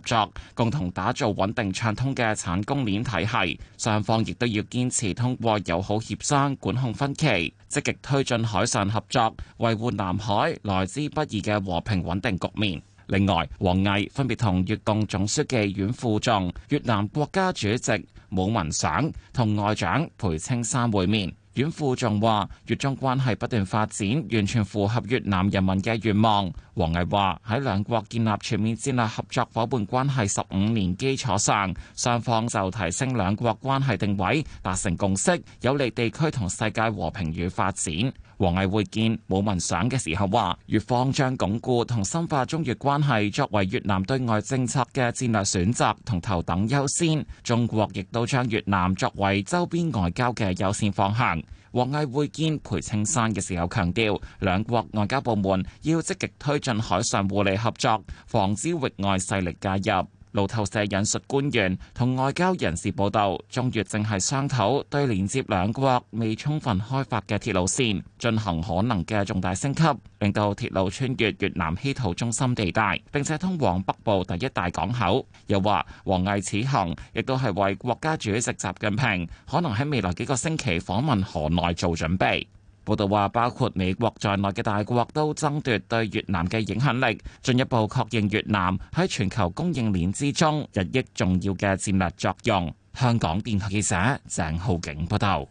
合作，共同打造穩定暢通嘅產供鏈體系。雙方亦都要堅持通過友好協商管控分歧，積極推進海上合作，維護南海來之不易嘅和平穩定局面。另外，王毅分別同越共總書記阮富仲、越南國家主席武文賞同外長裴青山會面。阮富仲話：越中關係不斷發展，完全符合越南人民嘅願望。王毅話：喺兩國建立全面戰略合作夥伴關係十五年基礎上，雙方就提升兩國關係定位達成共識，有利地區同世界和平與發展。王毅會見武文賞嘅時候話，越方將鞏固同深化中越關係作為越南對外政策嘅戰略選擇同頭等優先，中國亦都將越南作為周邊外交嘅優先方向。王毅會見裴青山嘅時候強調，兩國外交部門要積極推進海上互利合作，防止域外勢力介入。路透社引述官員同外交人士報道，中越正係商討對連接兩國未充分開發嘅鐵路線進行可能嘅重大升級，令到鐵路穿越越南稀土中心地帶，並且通往北部第一大港口。又話，王毅此行亦都係為國家主席習近平可能喺未來幾個星期訪問河內做準備。報道話，包括美國在內嘅大國都爭奪對越南嘅影響力，進一步確認越南喺全球供應鏈之中日益重要嘅戰略作用。香港電台記者鄭浩景報道。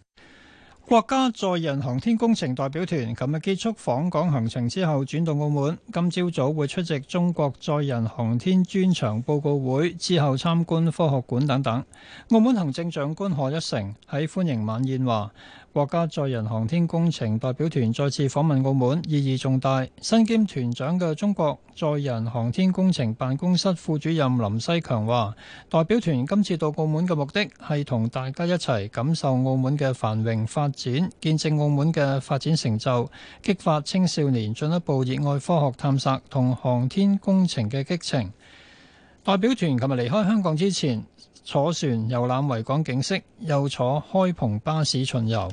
國家載人航天工程代表團琴日結束訪港行程之後，轉到澳門，今朝早會出席中國載人航天專場報告會，之後參觀科學館等等。澳門行政長官賀一誠喺歡迎晚宴話。國家載人航天工程代表團再次訪問澳門，意義重大。身兼團長嘅中國載人航天工程辦公室副主任林西強話：代表團今次到澳門嘅目的係同大家一齊感受澳門嘅繁榮發展，見證澳門嘅發展成就，激發青少年進一步熱愛科學探索同航天工程嘅激情。代表團琴日離開香港之前，坐船遊覽維港景色，又坐開篷巴士巡遊。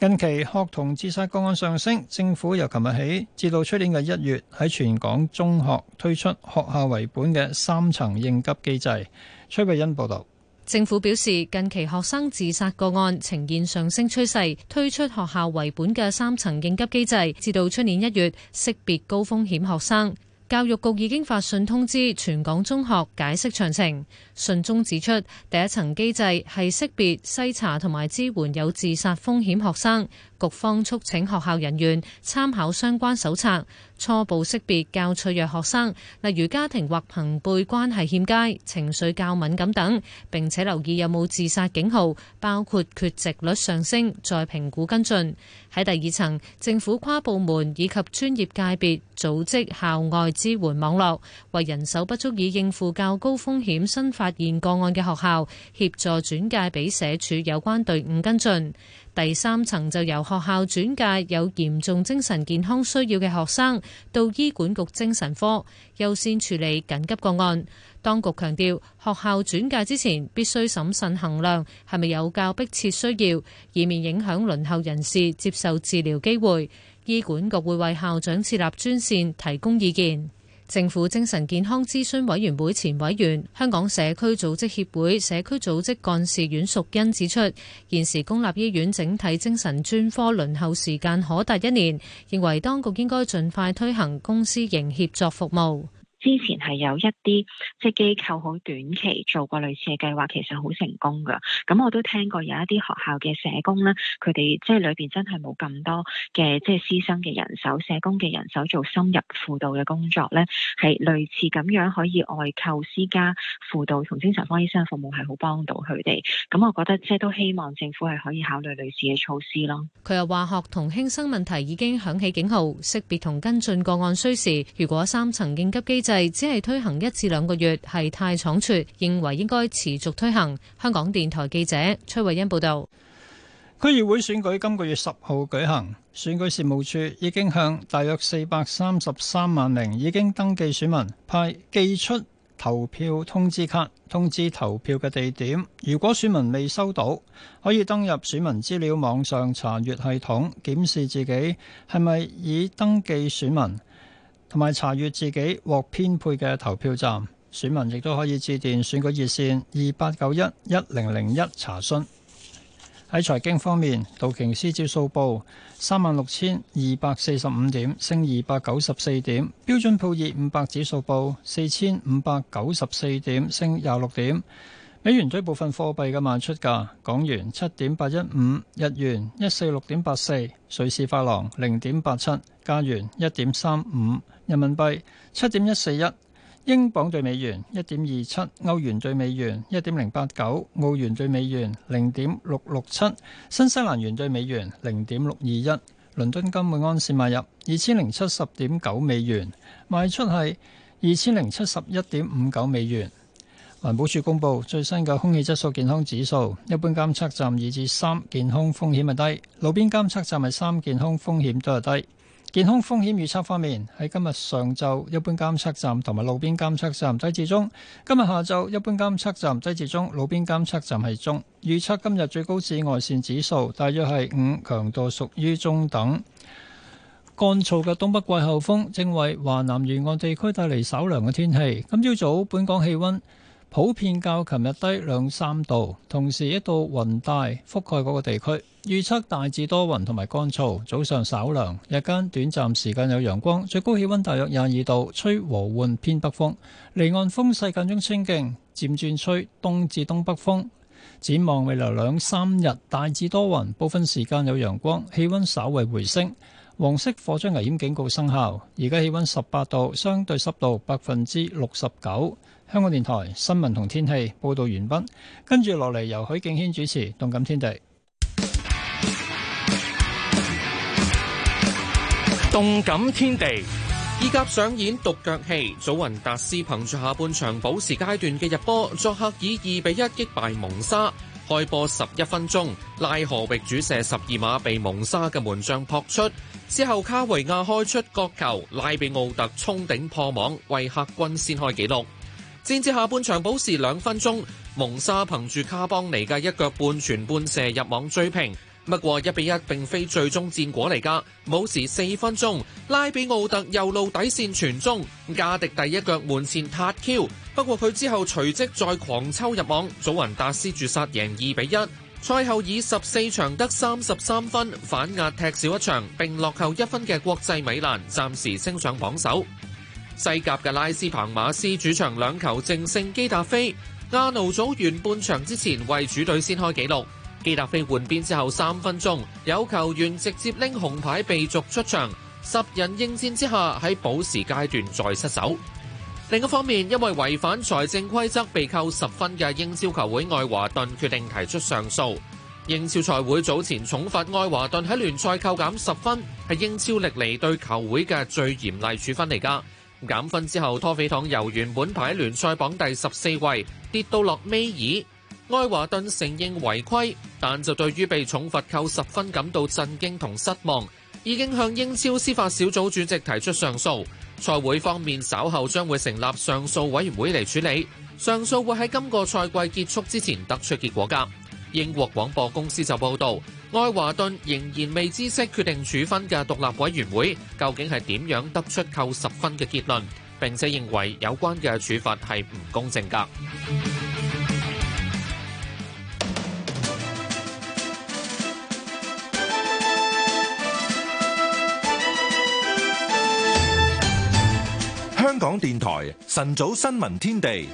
近期學童自殺個案上升，政府由琴日起至到出年嘅一月，喺全港中學推出學校為本嘅三層應急機制。崔慧欣報道，政府表示近期學生自殺個案呈現上升趨勢，推出學校為本嘅三層應急機制，至到出年一月識別高風險學生。教育局已經發信通知全港中學解釋詳情。信中指出，第一層機制係識別、篩查同埋支援有自殺風險學生。局方促請學校人員參考相關手冊。初步識別較脆弱學生，例如家庭或朋輩關係欠佳、情緒較敏感等，並且留意有冇自殺警號，包括缺席率上升，再評估跟進。喺第二層，政府跨部門以及專業界別組織校外支援網絡，為人手不足以應付較高風險新發現個案嘅學校，協助轉介俾社署有關隊伍跟進。第三層就由學校轉介有嚴重精神健康需要嘅學生到醫管局精神科優先處理緊急個案。當局強調，學校轉介之前必須審慎衡量係咪有較迫切需要，以免影響輪候人士接受治療機會。醫管局會為校長設立專線提供意見。政府精神健康諮詢委員會前委員、香港社區組織協會社區組織幹事阮淑欣指出，現時公立醫院整體精神專科輪候時間可達一年，認為當局應該盡快推行公私營協作服務。之前係有一啲即係機構好短期做過類似嘅計劃，其實好成功噶，咁我都聽過有一啲學校嘅社工咧，佢哋即係裏邊真係冇咁多嘅即係師生嘅人手，社工嘅人手做深入輔導嘅工作咧，係類似咁樣可以外購私家輔導同精神科醫生服務係好幫到佢哋。咁我覺得即係都希望政府係可以考慮類似嘅措施咯。佢又話學童輕生問題已經響起警號識別同跟進個案需時，如果三層應急機制。只係推行一至兩個月係太倉促，認為應該持續推行。香港電台記者崔慧欣報道。區議會選舉今個月十號舉行，選舉事務處已經向大約四百三十三萬名已經登記選民派寄出投票通知卡，通知投票嘅地點。如果選民未收到，可以登入選民資料網上查閱系統檢視自己係咪已登記選民。同埋查閱自己獲編配嘅投票站，選民亦都可以致電選舉熱線二八九一一零零一查詢。喺財經方面，道瓊斯指數報三萬六千二百四十五點，升二百九十四點；標準普爾五百指數報四千五百九十四點，升廿六點。美元對部分貨幣嘅賣出價：港元七點八一五，日元一四六點八四，瑞士法郎零點八七，加元一點三五。人民幣七點一四一，英鎊兌美元一點二七，歐元兌美元一點零八九，澳元兌美元零點六六七，新西蘭元兌美元零點六二一。倫敦金每安士買入二千零七十點九美元，賣出係二千零七十一點五九美元。環保署公布最新嘅空氣質素健康指數，一般監測站二至三，健康風險係低，路邊監測站係三，健康風險都係低。健康風險預測方面，喺今日上晝一般監測站同埋路邊監測站低至中，今日下晝一般監測站低至中，路邊監測站係中。預測今日最高紫外線指數大約係五，強度屬於中等。乾燥嘅東北季候風正為華南沿岸地區帶嚟稍涼嘅天氣，今朝早本港氣温。普遍較琴日低兩三度，同時一道雲帶覆蓋嗰個地區，預測大致多雲同埋乾燥，早上稍涼，日間短暫時間有陽光，最高氣溫大約廿二度，吹和緩偏北風，離岸風勢間中清勁，漸轉吹東至東北風。展望未來兩三日大致多雲，部分時間有陽光，氣溫稍為回升。黃色火災危險警告生效，而家氣溫十八度，相對濕度百分之六十九。香港電台新聞同天氣報道完畢，跟住落嚟由許敬軒主持《動感天地》。動感天地，意甲上演獨腳戲。祖雲達斯憑住下半場補時階段嘅入波，作客以二比一擊敗蒙沙。開波十一分鐘，拉荷域主射十二碼被蒙沙嘅門將撲出之後，卡維亞開出角球，拉比奧特衝頂破網，為客軍先開紀錄。戰至下半場補時兩分鐘，蒙沙憑住卡邦尼嘅一腳半傳半射入網追平。不過一比一並非最終戰果嚟㗎，補時四分鐘，拉比奧特右路底線傳中，加迪第一腳門前撻 Q，不過佢之後隨即再狂抽入網，祖雲達斯絕殺贏二比一。賽後以十四場得三十三分反壓踢少一場並落後一分嘅國際米蘭，暫時升上榜首。西甲嘅拉斯彭馬斯主場兩球正勝基達菲。亞奴組完半場之前為主隊先開紀錄。基達菲換邊之後三分鐘有球員直接拎紅牌被逐出場，十人應戰之下喺補時階段再失手。另一方面，因為違反財政規則被扣十分嘅英超球會愛華頓決定提出上訴。英超賽會早前重罰愛華頓喺聯賽扣減十分，係英超歷嚟對球會嘅最嚴厲處分嚟㗎。減分之後，拖肥糖由原本排喺聯賽榜第十四位跌到落尾二。愛華頓承認違規，但就對於被重罰扣十分感到震驚同失望，已經向英超司法小組主席提出上訴。賽會方面稍後將會成立上訴委員會嚟處理，上訴會喺今個賽季結束之前得出結果。噶英國廣播公司就報道。愛華頓仍然未知悉決定處分嘅獨立委員會究竟係點樣得出扣十分嘅結論，並且認為有關嘅處罰係唔公正㗎。香港電台晨早新聞天地。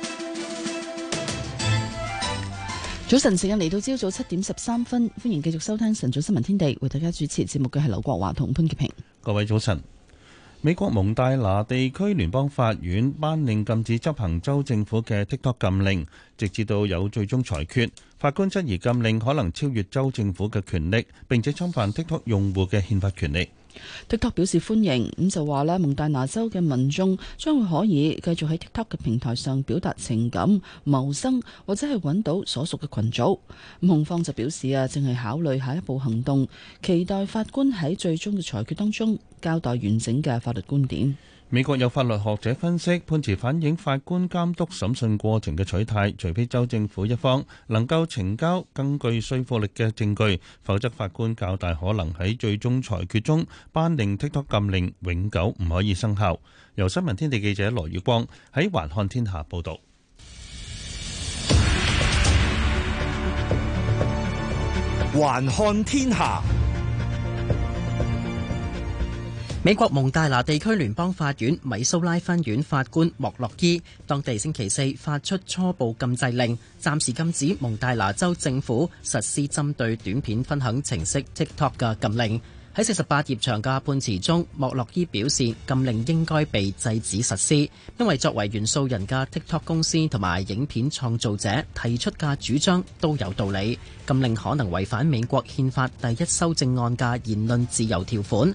早晨，時間嚟到朝早七點十三分，歡迎繼續收聽晨早新聞天地，為大家主持節目嘅係劉國華同潘潔平。各位早晨，美國蒙大拿地區聯邦法院頒令禁止執行州政府嘅 TikTok 禁令，直至到有最終裁決。法官質疑禁令可能超越州政府嘅權力，並且侵犯 TikTok 用戶嘅憲法權利。TikTok 表示歡迎，咁就話咧，蒙大拿州嘅民眾將會可以繼續喺 TikTok 嘅平台上表達情感、謀生或者係揾到所屬嘅群組。控方就表示啊，正係考慮下一步行動，期待法官喺最終嘅裁決當中交代完整嘅法律觀點。美國有法律學者分析，判詞反映法官監督審訊過程嘅取態，除非州政府一方能夠呈交更具說服力嘅證據，否則法官較大可能喺最終裁決中頒令 TikTok 禁令永久唔可以生效。由新聞天地記者羅月光喺環看天下報道。環看天下。報導。美國蒙大拿地區聯邦法院米蘇拉分院法官莫洛伊，當地星期四發出初步禁制令，暫時禁止蒙大拿州政府實施針對短片分享程式 TikTok 嘅禁令。喺四十八頁長嘅判詞中，莫洛伊表示禁令應該被制止實施，因為作為原訴人嘅 TikTok 公司同埋影片創造者提出嘅主張都有道理。禁令可能違反美國憲法第一修正案嘅言論自由條款。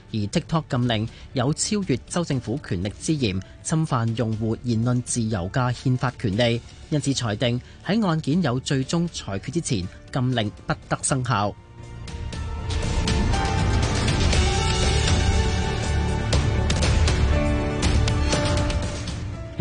而 TikTok 禁令，有超越州政府權力之嫌，侵犯用戶言論自由嘅憲法權利，因此裁定喺案件有最終裁決之前，禁令不得生效。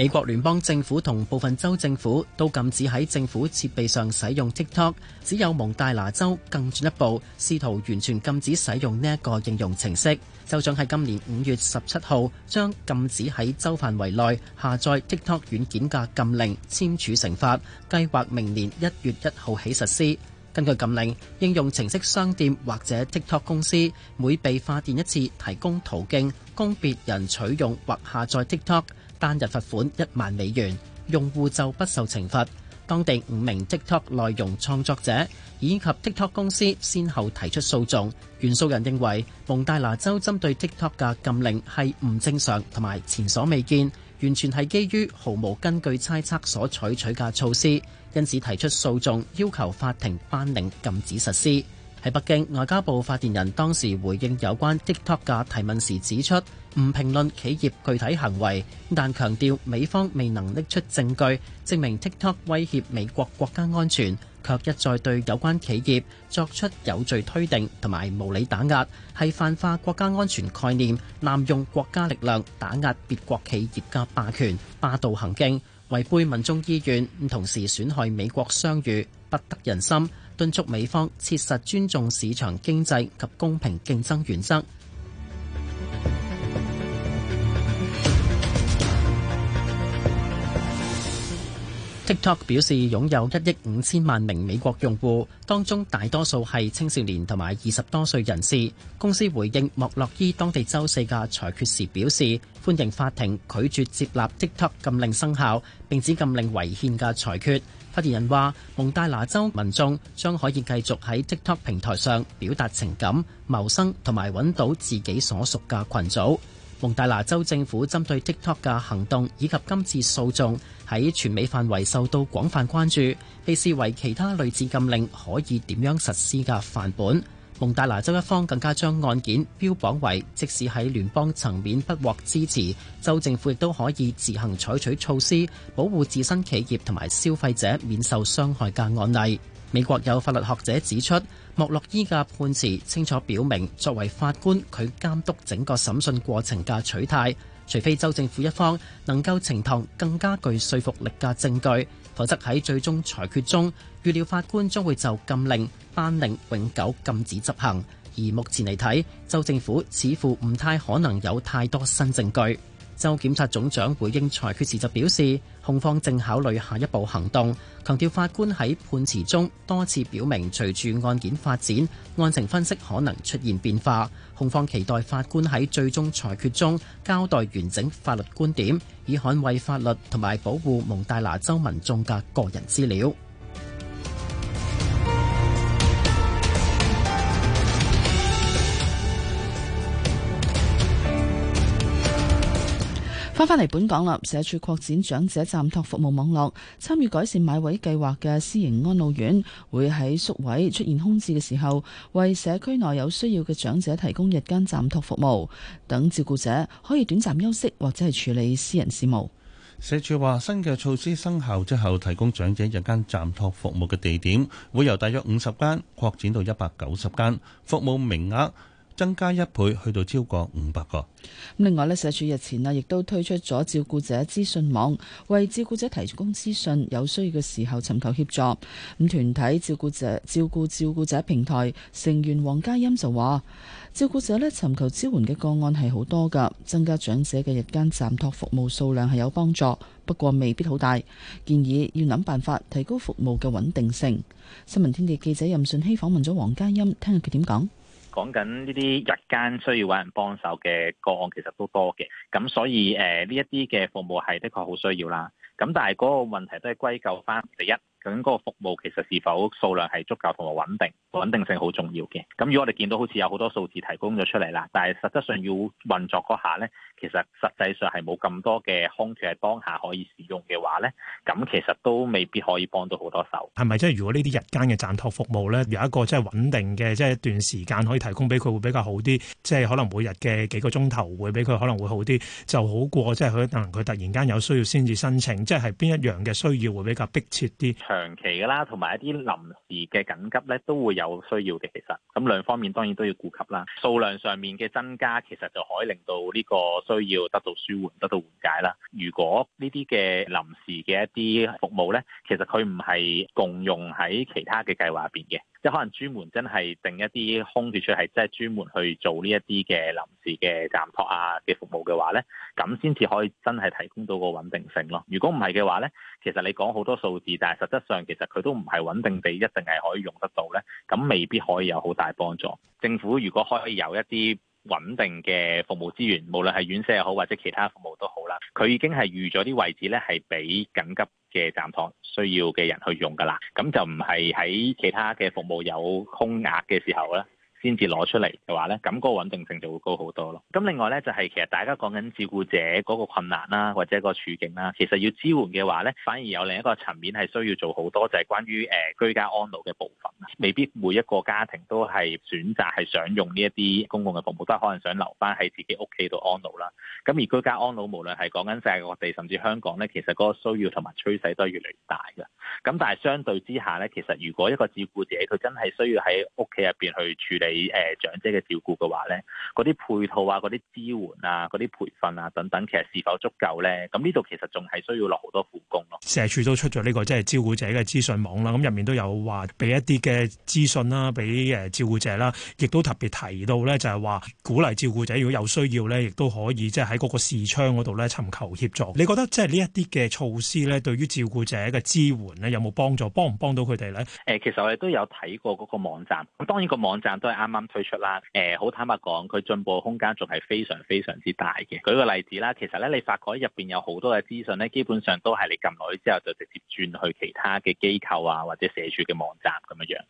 美國聯邦政府同部分州政府都禁止喺政府設備上使用 TikTok，只有蒙大拿州更進一步，試圖完全禁止使用呢一個應用程式。州長喺今年五月十七號將禁止喺州範圍內下載 TikTok 軟件嘅禁令簽署成法，計劃明年一月一號起實施。根據禁令，應用程式商店或者 TikTok 公司每被發電一次，提供途徑供別人取用或下載 TikTok 單日罰款一萬美元，用戶就不受懲罰。當地五名 TikTok 內容創作者以及 TikTok 公司先後提出訴訟，原訴人認為蒙大拿州針對 TikTok 嘅禁令係唔正常同埋前所未見，完全係基於毫無根據猜測所採取嘅措施，因此提出訴訟，要求法庭頒令禁止實施。喺北京，外交部發言人當時回應有關 TikTok 嘅提問時指出，唔評論企業具體行為，但強調美方未能拎出證據證明 TikTok 威脅美國國家安全，卻一再對有關企業作出有罪推定同埋無理打壓，係泛化國家安全概念、濫用國家力量打壓別國企業嘅霸權霸道行徑，違背民眾意願，同時損害美國商譽，不得人心。敦促美方切實尊重市場經濟及公平競爭原則。TikTok 表示擁有一億五千萬名美國用戶，當中大多數係青少年同埋二十多歲人士。公司回應莫洛伊當地周四嘅裁決時表示，歡迎法庭拒絕接納 TikTok 禁令生效，並指禁令違憲嘅裁決。發言人話：蒙大拿州民眾將可以繼續喺 TikTok 平台上表達情感、謀生同埋揾到自己所屬嘅群組。蒙大拿州政府針對 TikTok 嘅行動以及今次訴訟喺全美範圍受到廣泛關注，被視為其他類似禁令可以點樣實施嘅範本。蒙大拿州一方更加將案件標榜為即使喺聯邦層面不獲支持，州政府亦都可以自行採取措施保護自身企業同埋消費者免受傷害嘅案例。美國有法律學者指出，莫洛伊嘅判詞清楚表明，作為法官佢監督整個審訊過程嘅取態，除非州政府一方能夠呈堂更加具說服力嘅證據，否則喺最終裁決中，預料法官將會就禁令頒令永久禁止執行。而目前嚟睇，州政府似乎唔太可能有太多新證據。州檢察總長回應裁決時就表示：控方正考慮下一步行動，強調法官喺判詞中多次表明，隨住案件發展，案情分析可能出現變化。控方期待法官喺最終裁決中交代完整法律觀點，以捍衛法律同埋保護蒙大拿州民眾嘅個人資料。翻返嚟本港啦，社署擴展長者暫託服務網絡，參與改善買位計劃嘅私營安老院會喺宿位出現空置嘅時候，為社區內有需要嘅長者提供日間暫託服務，等照顧者可以短暫休息或者係處理私人事務。社署話，新嘅措施生效之後，提供長者日間暫託服務嘅地點會由大約五十間擴展到一百九十間，服務名額。增加一倍，去到超過五百個。另外咧，社署日前啊，亦都推出咗照顧者資訊網，為照顧者提供資訊，有需要嘅時候尋求協助。咁團體照顧者照顧照顧者平台成員黃嘉欣就話：照顧者咧尋求支援嘅個案係好多噶，增加長者嘅日間暫託服務數量係有幫助，不過未必好大。建議要諗辦法提高服務嘅穩定性。新聞天地記者任信希訪問咗黃嘉欣，聽日佢點講？講緊呢啲日間需要揾人幫手嘅個案，其實都多嘅。咁所以誒呢一啲嘅服務係的確好需要啦。咁但係嗰個問題都係歸咎翻，第一。咁嗰個服務其實是否數量係足夠同埋穩定？穩定性好重要嘅。咁如果我哋見到好似有好多數字提供咗出嚟啦，但係實質上要運作嗰下咧，其實實際上係冇咁多嘅空缺喺當下可以使用嘅話咧，咁其實都未必可以幫到好多手。係咪即係如果呢啲日間嘅暫託服務咧，有一個即係穩定嘅，即係一段時間可以提供俾佢會比較好啲？即係可能每日嘅幾個鐘頭會俾佢可能會好啲，就好過即係佢可能佢突然間有需要先至申請。即係係邊一樣嘅需要會比較迫切啲？長期嘅啦，同埋一啲臨時嘅緊急咧，都會有需要嘅。其實咁兩方面當然都要顧及啦。數量上面嘅增加，其實就可以令到呢個需要得到舒緩、得到緩解啦。如果呢啲嘅臨時嘅一啲服務咧，其實佢唔係共用喺其他嘅計劃入邊嘅。即係可能專門真係定一啲空置出去，即係專門去做呢一啲嘅臨時嘅暫托啊嘅服務嘅話咧，咁先至可以真係提供到個穩定性咯。如果唔係嘅話咧，其實你講好多數字，但係實質上其實佢都唔係穩定地一定係可以用得到咧，咁未必可以有好大幫助。政府如果可以有一啲穩定嘅服務資源，無論係院舍又好或者其他服務都好啦，佢已經係預咗啲位置咧係俾緊急嘅站堂需要嘅人去用噶啦，咁就唔係喺其他嘅服務有空額嘅時候啦。先至攞出嚟嘅話咧，咁個穩定性就會高好多咯。咁另外咧，就係、是、其實大家講緊照顧者嗰個困難啦，或者個處境啦，其實要支援嘅話咧，反而有另一個層面係需要做好多，就係、是、關於誒、呃、居家安老嘅部分，未必每一個家庭都係選擇係想用呢一啲公共嘅服務，都可能想留翻喺自己屋企度安老啦。咁而居家安老，無論係講緊世界各地，甚至香港咧，其實嗰個需要同埋趨勢都係越嚟越大嘅。咁但係相對之下咧，其實如果一個照顧者佢真係需要喺屋企入邊去處理。俾誒長者嘅照顧嘅話咧，嗰啲配套啊、嗰啲支援啊、嗰啲培訓啊等等，其實是否足夠咧？咁呢度其實仲係需要落好多苦工咯。社署都出咗呢、呢個即係、就係、照顧者嘅資訊網啦，咁入面都有話俾一啲嘅資訊啦、啊，俾誒照顧者啦，亦都特別提到咧，就係話鼓勵照顧者如果有需要咧，亦都可以即係喺嗰個視窗嗰度咧尋求協助。你覺得即係呢一啲嘅措施咧，對於照顧者嘅支援咧，有冇幫助？幫唔幫到佢哋咧？誒，其實我哋都有睇過嗰個網站，咁當然個網站都係。啱啱推出啦，誒、呃，好坦白講，佢進步空間仲係非常非常之大嘅。舉個例子啦，其實咧你發覺入邊有好多嘅資訊咧，基本上都係你撳落去之後就直接轉去其他嘅機構啊或者社署嘅網站咁樣樣，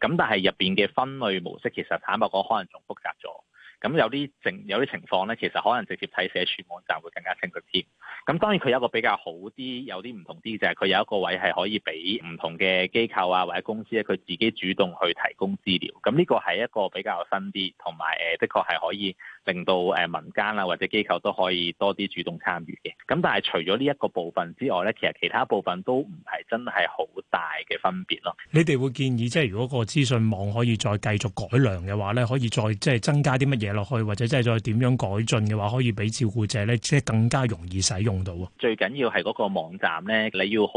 咁但係入邊嘅分類模式其實坦白講可能仲複雜咗。咁有啲情有啲情況咧，其實可能直接睇社署網站會更加清楚啲。咁當然佢有一個比較好啲，有啲唔同啲就係佢有一個位係可以俾唔同嘅機構啊或者公司咧，佢自己主動去提供資料。咁呢個係一個比較新啲，同埋誒，的確係可以。令到誒民間呀，或者機構都可以多啲主動參與嘅。咁但係除咗呢一個部分之外咧，其實其他部分都唔係真係好大嘅分別咯。你哋會建議即係如果個資訊網可以再繼續改良嘅話咧，可以再即係增加啲乜嘢落去，或者即係再點樣改進嘅話，可以俾照顧者咧，即係更加容易使用到。最緊要係嗰個網站咧，你要好。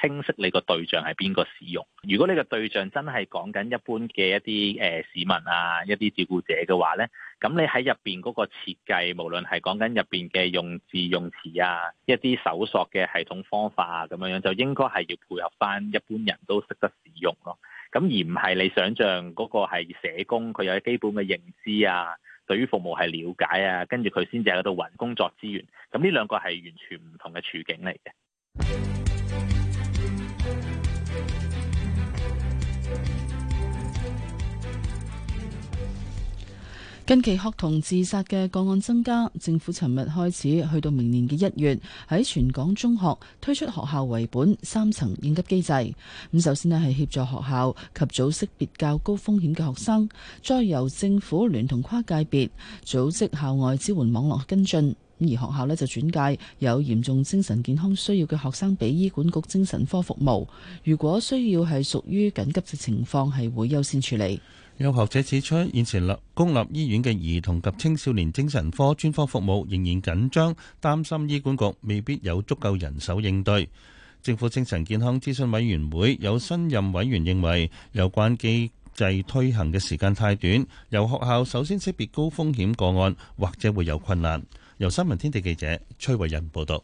清晰你個對象係邊個使用？如果你個對象真係講緊一般嘅一啲誒市民啊，一啲照顧者嘅話呢，咁你喺入邊嗰個設計，無論係講緊入邊嘅用字用詞啊，一啲搜索嘅系統方法啊，咁樣樣就應該係要配合返一般人都識得使用咯。咁而唔係你想象嗰個係社工，佢有啲基本嘅認知啊，對於服務係了解啊，跟住佢先至喺度搵工作資源。咁呢兩個係完全唔同嘅處境嚟嘅。近期學童自殺嘅個案增加，政府尋日開始去到明年嘅一月，喺全港中學推出學校為本三層應急機制。咁首先呢係協助學校及早識別較高風險嘅學生，再由政府聯同跨界別組織校外支援網絡跟進。咁而學校呢就轉介有嚴重精神健康需要嘅學生俾醫管局精神科服務。如果需要係屬於緊急嘅情況，係會優先處理。有學者指出，現時立公立醫院嘅兒童及青少年精神科專科服務仍然緊張，擔心醫管局未必有足夠人手應對。政府精神健康諮詢委員會有新任委員認為，有關機制推行嘅時間太短，由學校首先識別高風險個案，或者會有困難。由新聞天地記者崔慧仁報道。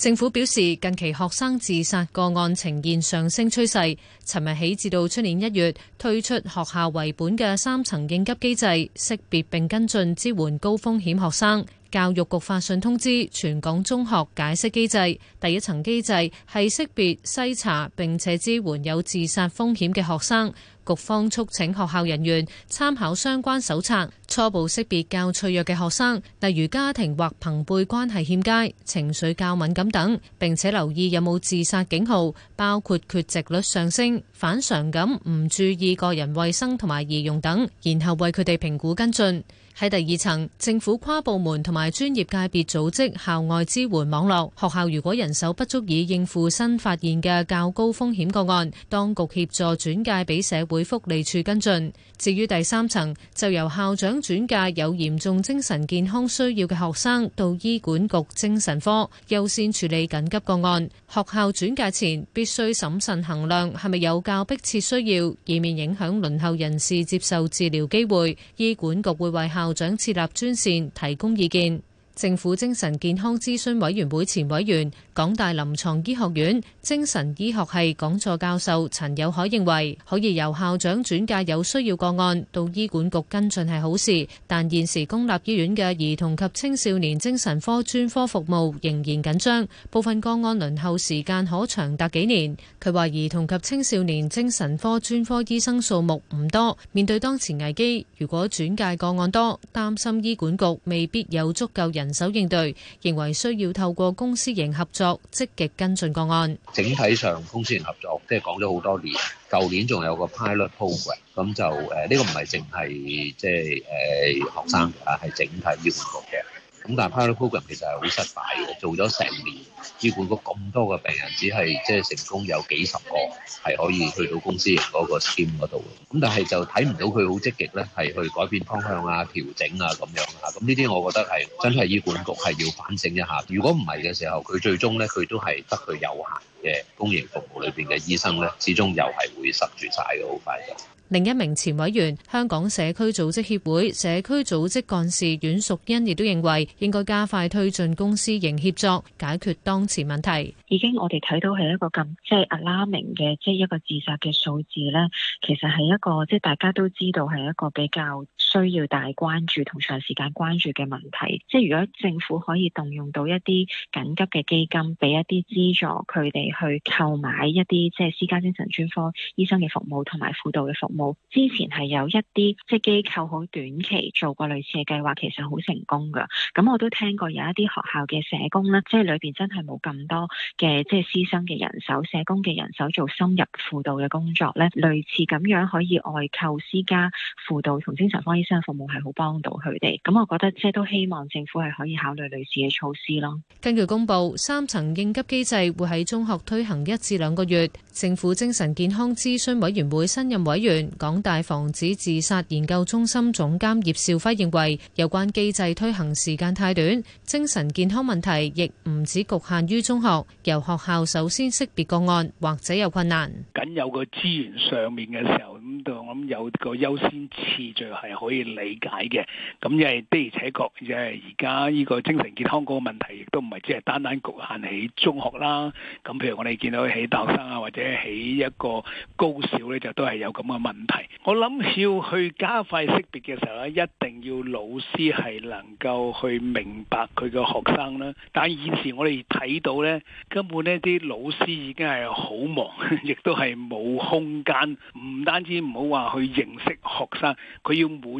政府表示，近期學生自殺個案呈現上升趨勢，尋日起至到出年一月，推出學校為本嘅三層應急機制，識別並跟進支援高風險學生。教育局發信通知全港中學解釋機制，第一層機制係識別、篩查並且支援有自殺風險嘅學生。局方促請學校人員參考相關手冊，初步識別較脆弱嘅學生，例如家庭或朋輩關係欠佳、情緒較敏感等，並且留意有冇自殺警號，包括缺席率上升、反常感、唔注意個人衛生同埋儀容等，然後為佢哋評估跟進。喺第二層，政府跨部門同埋專業界別組織校外支援網絡，學校如果人手不足以應付新發現嘅較高風險個案，當局協助轉介俾社會福利處跟進。至於第三層，就由校長轉介有嚴重精神健康需要嘅學生到醫管局精神科優先處理緊急個案。學校轉介前必須審慎衡量係咪有較迫切需要，以免影響輪候人士接受治療機會。醫管局會為校校長設立專線，提供意見。政府精神健康諮詢委員會前委員、港大臨床醫學院精神醫學系講座教授陳友凱認為，可以由校長轉介有需要個案到醫管局跟進係好事，但現時公立醫院嘅兒童及青少年精神科專科服務仍然緊張，部分個案輪候時間可長達幾年。佢話兒童及青少年精神科專科醫生數目唔多，面對當前危機，如果轉介個案多，擔心醫管局未必有足夠人人手應對，認為需要透過公私營合作積極跟進個案。整體上公私營合作即係講咗好多年，舊年仲有個 pilot programme，咁就誒呢個唔係淨係即係誒學生嘅，係整體醫管局嘅。咁但係 parallel program 其實係好失敗嘅，做咗成年醫管局咁多個病人，只係即係成功有幾十個係可以去到公私營嗰個 scheme 嗰度。咁但係就睇唔到佢好積極咧，係去改變方向啊、調整啊咁樣啊。咁呢啲我覺得係真係醫管局係要反省一下。如果唔係嘅時候，佢最終咧佢都係得佢有限嘅公營服務裏邊嘅醫生咧，始終又係會塞住晒嘅，好快就。另一名前委員，香港社區組織協會社區組織幹事阮淑欣亦都認為，應該加快推進公私營協作，解決當前問題。已經我哋睇到係一個咁即係 alarm 嘅，即係一個自殺嘅數字咧。其實係一個即係大家都知道係一個比較需要大關注同長時間關注嘅問題，即係如果政府可以動用到一啲緊急嘅基金，俾一啲資助佢哋去購買一啲即係私家精神專科醫生嘅服務同埋輔導嘅服務。之前係有一啲即係機構好短期做過類似嘅計劃，其實好成功㗎。咁我都聽過有一啲學校嘅社工咧，即係裏邊真係冇咁多嘅即係師生嘅人手，社工嘅人手做深入輔導嘅工作咧，類似咁樣可以外購私家輔導同精神科醫。呢啲醫生服務係好幫到佢哋，咁我覺得即係都希望政府係可以考慮類似嘅措施咯。根據公佈，三層應急機制會喺中學推行一至兩個月。政府精神健康諮詢委員會新任委員、港大防止自殺研究中心總監葉兆輝認為，有關機制推行時間太短，精神健康問題亦唔止局限於中學，由學校首先識別個案或者有困難。僅有個資源上面嘅時候，咁我諗有個優先次序係好。可以理解嘅，咁因為的而且確，亦係而家依個精神健康嗰個問題，亦都唔係只係單單局限喺中學啦。咁譬如我哋見到喺大學生啊，或者喺一個高小咧，就都係有咁嘅問題。我諗要去加快識別嘅時候咧，一定要老師係能夠去明白佢嘅學生啦。但以前我哋睇到咧，根本呢啲老師已經係好忙，亦都係冇空間，唔單止唔好話去認識學生，佢要每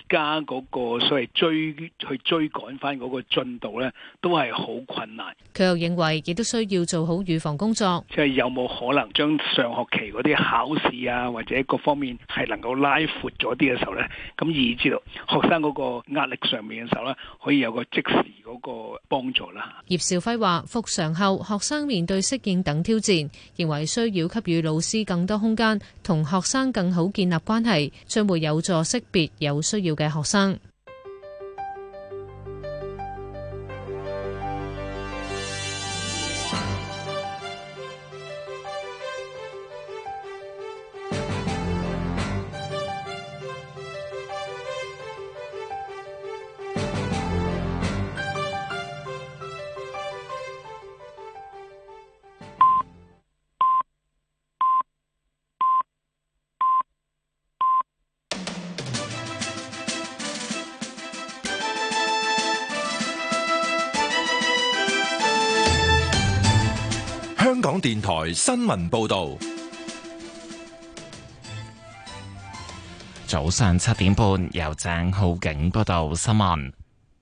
家嗰個所謂追去追趕翻嗰個進度咧，都係好困難。佢又認為亦都需要做好預防工作，即係有冇可能將上學期嗰啲考試啊，或者各方面係能夠拉闊咗啲嘅時候咧，咁以致到學生嗰個壓力上面嘅時候咧，可以有個即時嗰個幫助啦。葉兆輝話：復常後學生面對適應等挑戰，認為需要給予老師更多空間，同學生更好建立關係，將會有助識別有需要嘅學生。電台新聞報道：早上七點半，由鄭浩景報道新聞。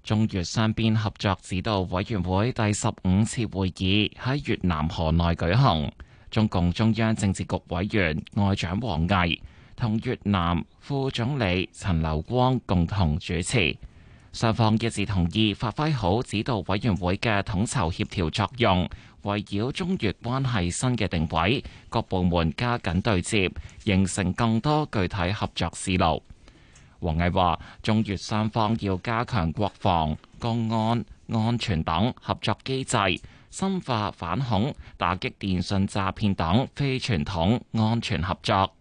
中越雙邊合作指導委員會第十五次會議喺越南河內舉行。中共中央政治局委員、外長王毅同越南副總理陳流光共同主持，雙方一致同意發揮好指導委員會嘅統籌協調作用。圍繞中越關係新嘅定位，各部門加緊對接，形成更多具體合作思路。王毅話：中越雙方要加強國防、公安、安全等合作機制，深化反恐、打擊電信詐騙等非傳統安全合作，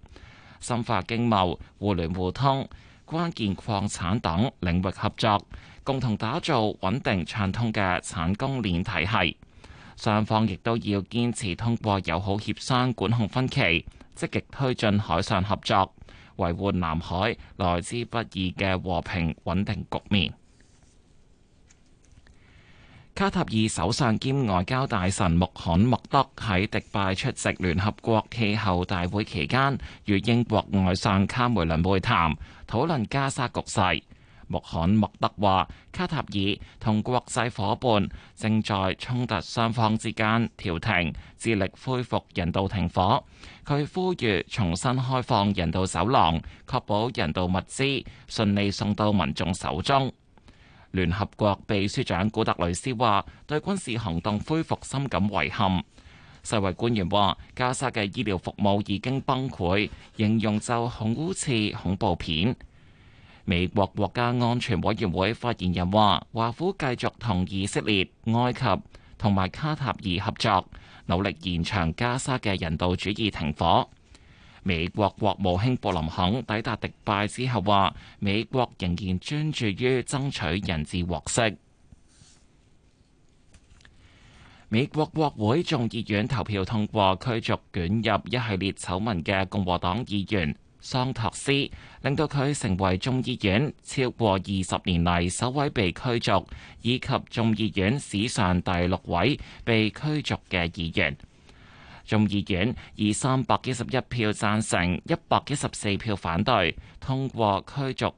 深化經貿、互聯互通、關鍵礦產等領域合作，共同打造穩定暢通嘅產供鏈體系。雙方亦都要堅持通過友好協商管控分歧，積極推進海上合作，維護南海來之不易嘅和平穩定局面。卡塔爾首相兼外交大臣穆罕默德喺迪拜出席聯合國氣候大會期間，與英國外相卡梅倫會談，討論加沙局勢。穆罕默德話卡塔爾同國際夥伴正在衝突雙方之間調停，致力恢復人道停火。佢呼籲重新開放人道走廊，確保人道物資順利送到民眾手中。聯合國秘書長古特雷斯話對軍事行動恢復深感遺憾。世衛官員話加沙嘅醫療服務已經崩潰，形容就恐怖似恐怖片。美國國家安全委員會發言人話：華府繼續同以色列、埃及同埋卡塔爾合作，努力延長加沙嘅人道主義停火。美國國務卿布林肯抵達迪拜之後話：美國仍然專注於爭取人質獲釋。美國國會眾議院投票通過驅逐捲入一系列醜聞嘅共和黨議員。桑托斯令到佢成為眾議院超過二十年嚟首位被驅逐，以及眾議院史上第六位被驅逐嘅議員。眾議院以三百一十一票贊成，一百一十四票反對，通過驅逐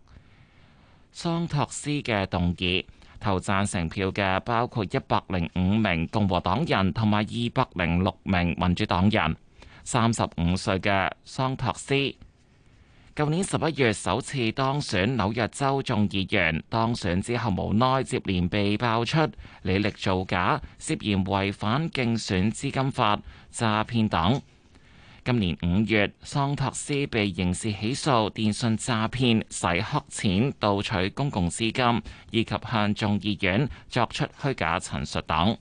桑托斯嘅動議。投贊成票嘅包括一百零五名共和黨人同埋二百零六名民主黨人。三十五歲嘅桑托斯，舊年十一月首次當選紐約州眾議員，當選之後無奈接連被爆出履歷造假、涉嫌違反競選資金法、詐騙等。今年五月，桑托斯被刑事起訴電信詐騙、洗黑錢、盜取公共資金，以及向眾議院作出虛假陳述等。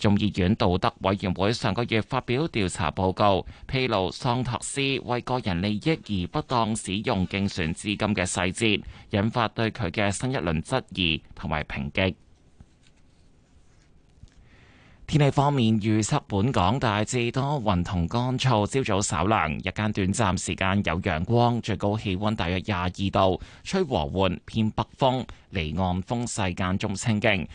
眾議院道德委員會上個月發表調查報告，披露桑托斯為個人利益而不當使用競選資金嘅細節，引發對佢嘅新一輪質疑同埋抨擊。天氣方面預測，本港大致多雲同乾燥，朝早稍涼，日間短暫時間有陽光，最高氣温大約廿二度，吹和緩偏北風，離岸風勢間中清勁。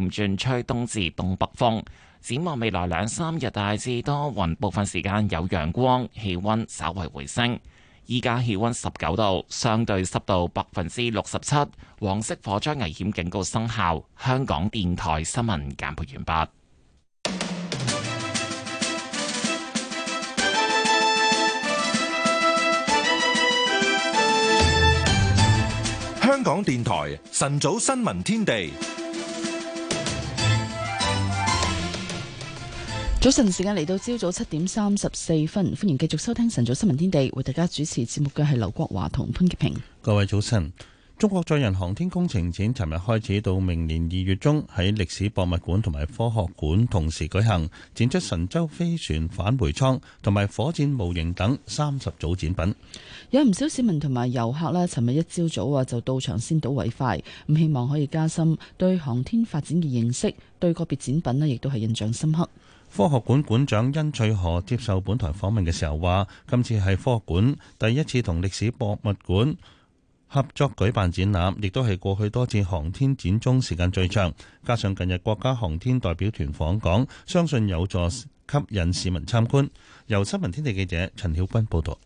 漸轉吹東至東北風，展望未來兩三日大致多雲，部分時間有陽光，氣温稍為回升。依家氣温十九度，相對濕度百分之六十七，黃色火災危險警告生效。香港電台新聞簡報完畢。香港電台晨早新聞天地。早晨時間嚟到，朝早七點三十四分，歡迎繼續收聽晨早新聞天地。為大家主持節目嘅係劉國華同潘潔平。各位早晨！中國載人航天工程展尋日開始到明年二月中喺歷史博物館同埋科學館同時舉行，展出神舟飛船返回艙同埋火箭模型等三十組展品。有唔少市民同埋遊客呢，尋日一朝早啊就到場先睹為快咁，希望可以加深對航天發展嘅認識，對個別展品呢亦都係印象深刻。科學館館長殷翠荷接受本台訪問嘅時候話，今次係科學館第一次同歷史博物館合作舉辦展覽，亦都係過去多次航天展中時間最長。加上近日國家航天代表團訪港，相信有助吸引市民參觀。由新聞天地記者陳曉斌報道。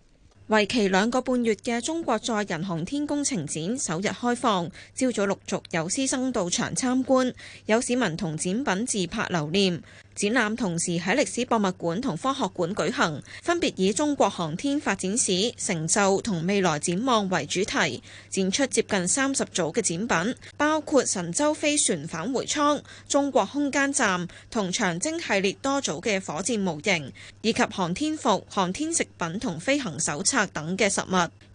為期兩個半月嘅中國載人航天工程展首日開放，朝早陸續有師生到場參觀，有市民同展品自拍留念。展覽同時喺歷史博物館同科學館舉行，分別以中國航天發展史成就同未來展望為主題，展出接近三十組嘅展品，包括神舟飛船返回艙、中國空間站同長征系列多組嘅火箭模型，以及航天服、航天食品同飛行手冊等嘅實物。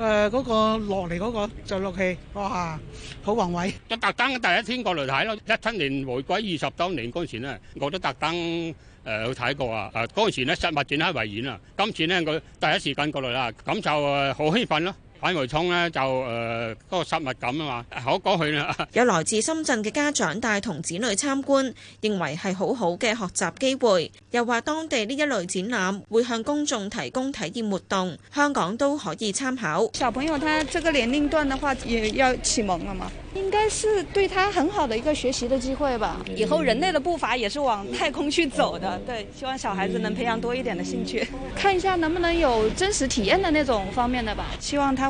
誒嗰，呃嗰個落嚟嗰個就落氣。哇！好宏偉。我特登第一天過嚟睇咯，一七年回歸二十周年嗰陣時咧，我都特登誒去睇過啊。誒嗰陣時咧，實物展喺維園啊。今次咧，佢第一時間過嚟啦，咁就誒好興奮咯。反外倉呢，就誒嗰個實物感啊嘛，好過去啦。有來自深圳嘅家長帶同子女參觀，認為係好好嘅學習機會，又話當地呢一類展覽會向公眾提供體驗活動，香港都可以參考。小朋友他這個年齡段的話，也要啟蒙了嘛？應該是對他很好的一個學習的機會吧。以後人類的步伐也是往太空去走的，對。希望小孩子能培養多一點的興趣，看一下能不能有真實體驗的那種方面的吧。希望他。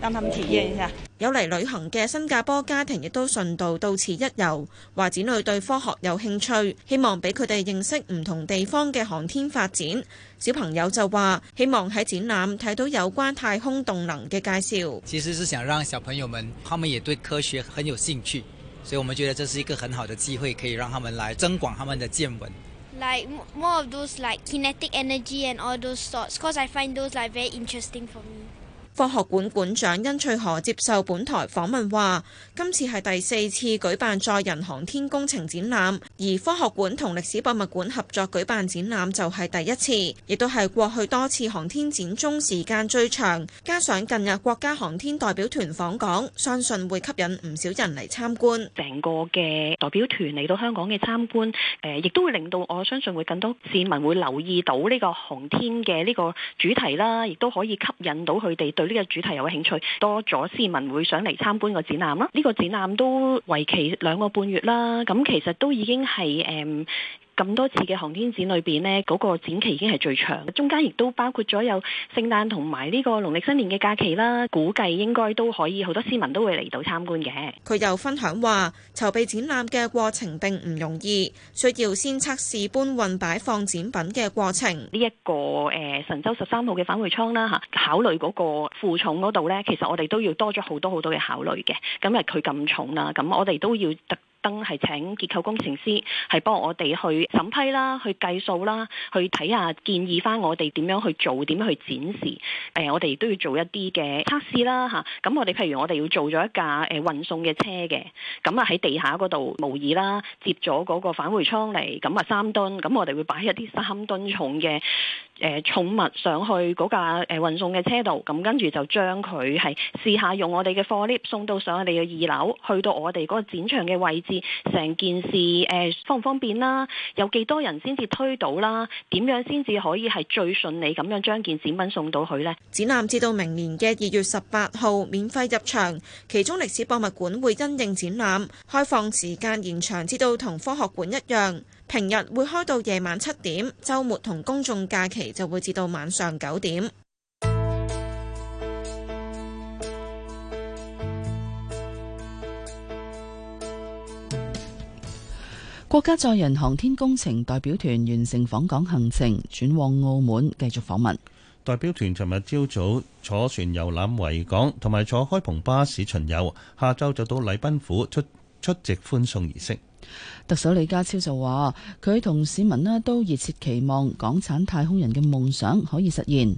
讓他們體驗一下，有嚟旅行嘅新加坡家庭亦都順道到此一遊。話子女對科學有興趣，希望俾佢哋認識唔同地方嘅航天發展。小朋友就話希望喺展覽睇到有關太空動能嘅介紹。其實是想讓小朋友們，他們也對科學很有興趣，所以我們覺得這是一個很好的機會，可以讓他們來增廣他們的見聞。Like 科學館館長殷翠河接受本台訪問話：今次係第四次舉辦載人航天工程展覽，而科學館同歷史博物館合作舉辦展覽就係第一次，亦都係過去多次航天展中時間最長。加上近日國家航天代表團訪港，相信會吸引唔少人嚟參觀。成個嘅代表團嚟到香港嘅參觀，誒，亦都會令到我相信會更多市民會留意到呢個航天嘅呢個主題啦，亦都可以吸引到佢哋對。呢個主題有嘅興趣，多咗市民會上嚟參觀個展覽啦。呢個展覽都為期兩個半月啦。咁其實都已經係。誒、嗯。咁多次嘅航天展裏邊呢，嗰、那個展期已經係最長，中間亦都包括咗有聖誕同埋呢個農曆新年嘅假期啦。估計應該都可以，好多市民都會嚟到參觀嘅。佢又分享話，籌備展覽嘅過程並唔容易，需要先測試搬運擺放展品嘅過程。呢一、這個誒、呃、神舟十三號嘅返回艙啦吓，考慮嗰個負重嗰度呢，其實我哋都要多咗好多好多嘅考慮嘅。咁啊，佢咁重啦，咁我哋都要特。登係請結構工程師係幫我哋去審批啦，去計數啦，去睇下建議翻我哋點樣去做，點樣去展示。誒、呃，我哋都要做一啲嘅測試啦，嚇、啊。咁我哋譬如我哋要做咗一架誒、呃、運送嘅車嘅，咁啊喺地下嗰度模擬啦、啊，接咗嗰個返回艙嚟，咁啊三噸，咁、啊、我哋會擺一啲三噸重嘅誒、啊、寵物上去嗰架誒、呃、運送嘅車度，咁、啊、跟住就將佢係試下用我哋嘅貨 lift 送到上我哋嘅二樓，去到我哋嗰個展場嘅位置。成件事，誒方唔方便啦？有幾多人先至推到啦？點樣先至可以係最順利咁樣將件展品送到去呢？展覽至到明年嘅二月十八號免費入場，其中歷史博物館會因應展覽開放時間延長，至到同科學館一樣，平日會開到夜晚七點，週末同公眾假期就會至到晚上九點。國家載人航天工程代表團完成訪港行程，轉往澳門繼續訪問。代表團尋日朝早坐船遊覽維港，同埋坐開蓬巴士巡遊，下晝就到禮賓府出，出席歡送儀式。特首李家超就話佢同市民咧都熱切期望港產太空人嘅夢想可以實現。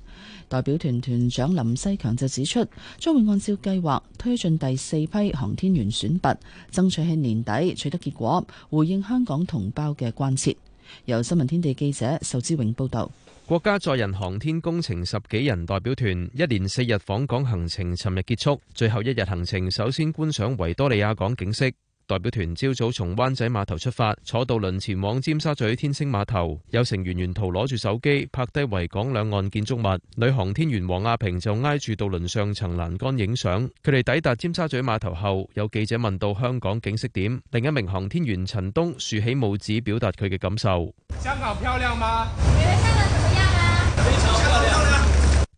代表團團長林西強就指出，將會按照計劃推進第四批航天員選拔，爭取喺年底取得結果，回應香港同胞嘅關切。由新聞天地記者仇之榮報道。國家載人航天工程十幾人代表團一連四日訪港行程，尋日結束，最後一日行程首先觀賞維多利亞港景色。代表團朝早從灣仔碼頭出發，坐渡輪前往尖沙咀天星碼頭。有成員沿，沿途攞住手機拍低維港兩岸建築物。女航天員王亞平就挨住渡輪上層欄杆影相。佢哋抵達尖沙咀碼頭後，有記者問到香港景色點？另一名航天員陳東豎起拇指表達佢嘅感受。香港漂亮嗎？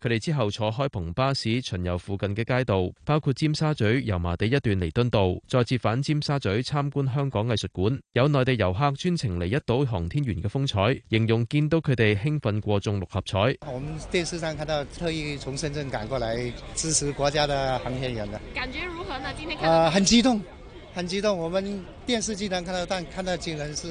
佢哋之後坐開篷巴士巡遊附近嘅街道，包括尖沙咀、油麻地一段彌敦道，再次返尖沙咀參觀香港藝術館。有內地遊客專程嚟一睹航天員嘅風采，形容見到佢哋興奮過中六合彩。我們電視上看到，特意從深圳趕過來支持國家的航天員的，感覺如何呢？今天啊、呃，很激動，很激動。我們電視只能看到，但看到真人是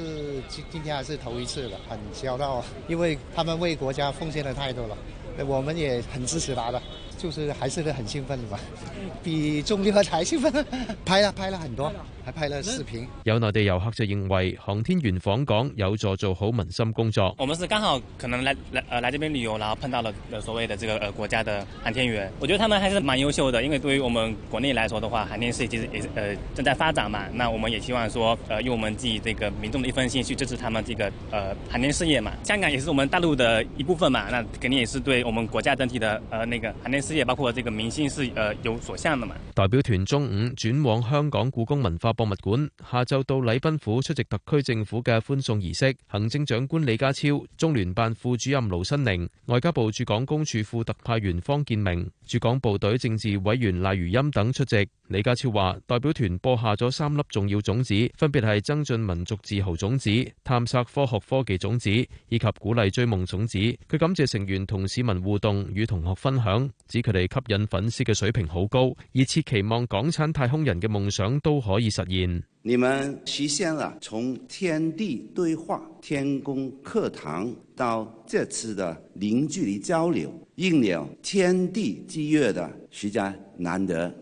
今今天係頭一次啦，很驕傲，因為他們為國家奉獻得太多了。我們也很支持他的，就是還是很興奮的吧， <laughs> 比中六合彩還興奮，拍啦拍了很多。還拍了視頻。有內地遊客就認為航天員訪港有助做好民心工作。我們是剛好可能來來呃來這邊旅遊，然後碰到了所謂的這個呃國家的航天員。我覺得他們還是蠻優秀的，因爲對於我們國內來說的話，航天事業其實也呃正在發展嘛。那我們也希望說呃用我們自己這個民衆的一份心去支持他們這個呃航天事業嘛。香港也是我們大陸的一部分嘛，那肯定也是對我們國家整體的呃那個航天事業，包括這個民心是呃有所向的嘛。代表團中午轉往香港故宮文化博物館下晝到禮賓府出席特區政府嘅歡送儀式，行政長官李家超、中聯辦副主任盧新寧、外交部駐港公署副特派員方建明、駐港部隊政治委員賴如欽等出席。李家超話：代表團播下咗三粒重要種子，分別係增進民族自豪種子、探索科學科技種子以及鼓勵追夢種子。佢感謝成員同市民互動，與同學分享，指佢哋吸引粉絲嘅水平好高，熱切期望港產太空人嘅夢想都可以實現。你們實現了從天地對話、天宮課堂到這次的零距離交流，應了天地之約的時間難得。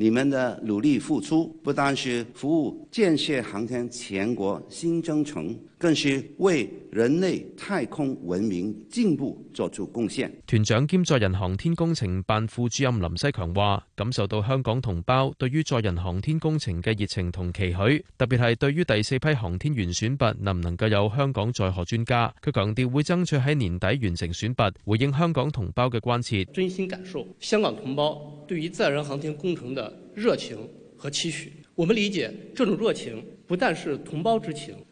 你們的努力付出，不單是服務建設航天強國新征程。更是為人類太空文明進步作出貢獻。團長兼載人航天工程辦副主任林西強話，感受到香港同胞對於載人航天工程嘅熱情同期許，特別係對於第四批航天員選拔能唔能夠有香港載荷專家。佢強調會爭取喺年底完成選拔，回應香港同胞嘅關切。真心感受香港同胞對於載人航天工程的熱情和期許。我們理解這種熱情不但是同胞之情。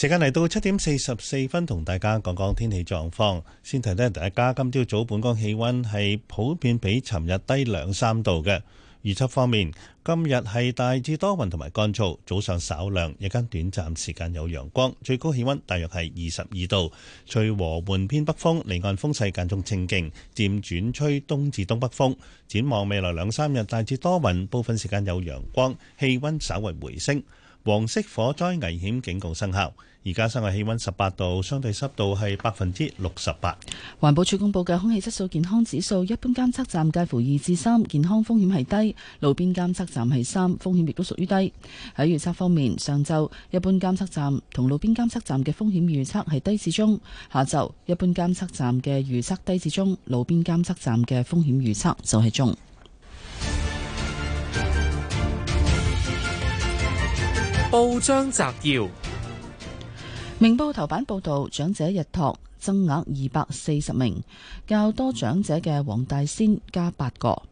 時間嚟到七點四十四分，同大家講講天氣狀況。先提一提大家，今朝早本港氣温係普遍比尋日低兩三度嘅。預測方面，今日係大致多雲同埋乾燥，早上稍涼，日間短暫時間有陽光，最高氣溫大約係二十二度。隨和緩偏北風，離岸風勢間中清勁，漸轉吹東至東北風。展望未來兩三日，大致多雲，部分時間有陽光，氣温稍為回升。黃色火災危險警告生效，而家室外氣溫十八度，相對濕度係百分之六十八。環保署公布嘅空氣質素健康指數，一般監測站介乎二至三，健康風險係低；路邊監測站係三，風險亦都屬於低。喺預測方面，上晝一般監測站同路邊監測站嘅風險預測係低至中；下晝一般監測站嘅預測低至中，路邊監測站嘅風險預測就係中。報章摘要：明報頭版報道，長者日托增額二百四十名，較多長者嘅黃大仙加八個。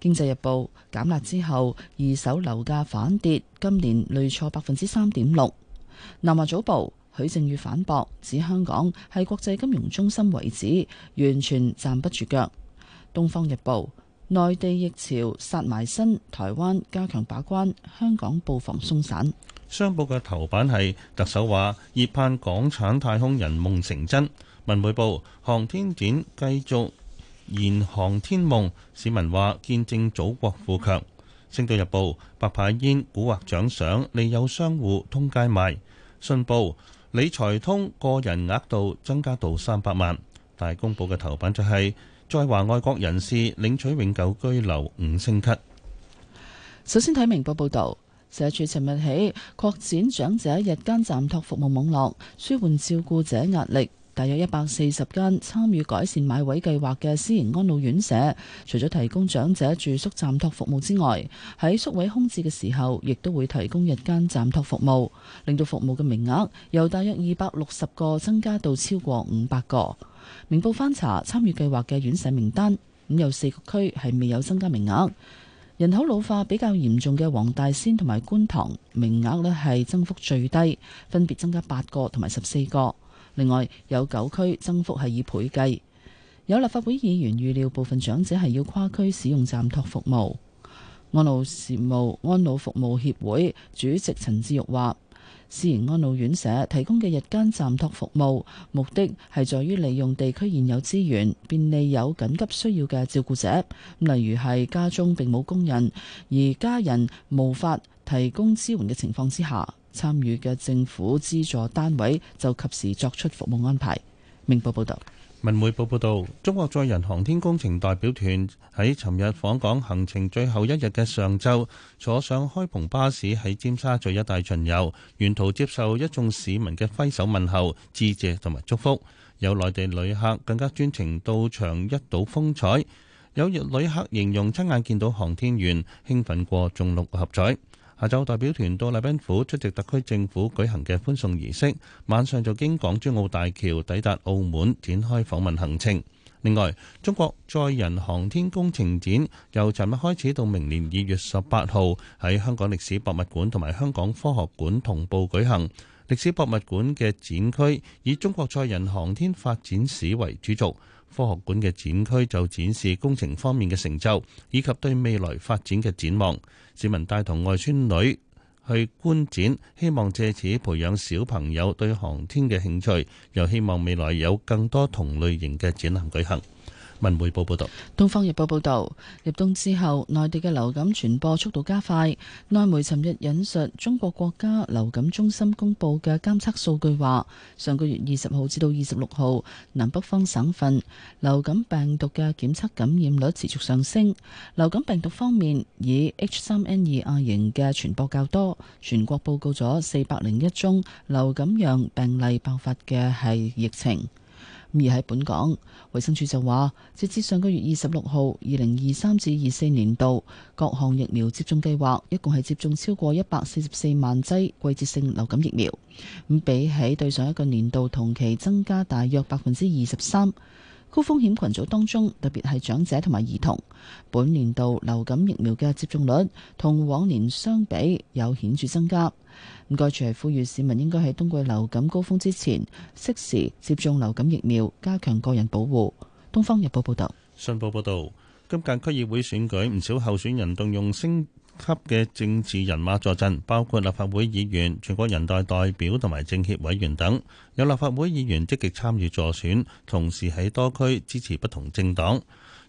經濟日報減辣之後，二手樓價反跌，今年累挫百分之三點六。南華早報許正宇反駁，指香港係國際金融中心為止，完全站不住腳。東方日報。內地疫潮殺埋身，台灣加強把關，香港布防鬆散。商報嘅頭版係特首話熱盼港產太空人夢成真。文匯報航天展繼續燃航天夢，市民話見證祖國富強。星島日報白牌煙古惑獎賞利誘商戶通街賣。信報理財通個人額度增加到三百萬。大公報嘅頭版就係、是。在華外國人士領取永久居留五星級。首先睇明報報道，社署尋日起擴展長者日間暫托服務網絡，舒緩照顧者壓力。大約一百四十間參與改善買位計劃嘅私營安老院舍，除咗提供長者住宿暫托服務之外，喺宿位空置嘅時候，亦都會提供日間暫托服務，令到服務嘅名額由大約二百六十個增加到超過五百個。明報翻查參與計劃嘅院舍名單，咁有四個區係未有增加名額。人口老化比較嚴重嘅黃大仙同埋觀塘，名額咧係增幅最低，分別增加八個同埋十四個。另外有九區增幅係以倍計。有立法會議員預料部分長者係要跨區使用暫託服務。安老事務安老服務協會主席陳志玉話。私營安老院舍提供嘅日間暫託服務，目的係在於利用地區現有資源，便利有緊急需要嘅照顧者。例如係家中並冇工人，而家人無法提供支援嘅情況之下，參與嘅政府資助單位就及時作出服務安排。明報報道。文匯報報道，中國載人航天工程代表團喺尋日訪港行程最後一日嘅上晝，坐上開篷巴士喺尖沙咀一帶巡遊，沿途接受一眾市民嘅揮手問候、致謝同埋祝福。有內地旅客更加專程到場一睹風采。有日旅客形容親眼見到航天員興奮過中六合彩。下晝代表團到禮賓府出席特區政府舉行嘅歡送儀式，晚上就經港珠澳大橋抵達澳門展開訪問行程。另外，中國載人航天工程展由尋日開始到明年二月十八號喺香港歷史博物館同埋香港科學館同步舉行。歷史博物館嘅展區以中國載人航天發展史為主軸，科學館嘅展區就展示工程方面嘅成就，以及對未來發展嘅展望。市民帶同外孫女去觀展，希望藉此培養小朋友對航天嘅興趣，又希望未來有更多同類型嘅展覽舉行。文匯報報道，東方日報報道，入冬之後，內地嘅流感傳播速度加快。內媒尋日引述中國國家流感中心公佈嘅監測數據話，上個月二十號至到二十六號，南北方省份流感病毒嘅檢測感染率持續上升。流感病毒方面，以 H 三 N 二亞型嘅傳播較多，全國報告咗四百零一宗流感樣病例爆發嘅係疫情。而喺本港，衛生署就話，截至上個月二十六號，二零二三至二四年度各項疫苗接種計劃，一共係接種超過一百四十四萬劑季，季節性流感疫苗。咁比起對上一個年度同期增加大約百分之二十三。高風險群組當中，特別係長者同埋兒童，本年度流感疫苗嘅接種率同往年相比有顯著增加。唔該，除呼籲市民應該喺冬季流感高峰之前適時接種流感疫苗，加強個人保護。東方日報報道，信報報道，今屆區議會選舉唔少候選人動用星級嘅政治人馬助陣，包括立法會議員、全國人大代、代表同埋政協委員等。有立法會議員積極參與助選，同時喺多區支持不同政黨。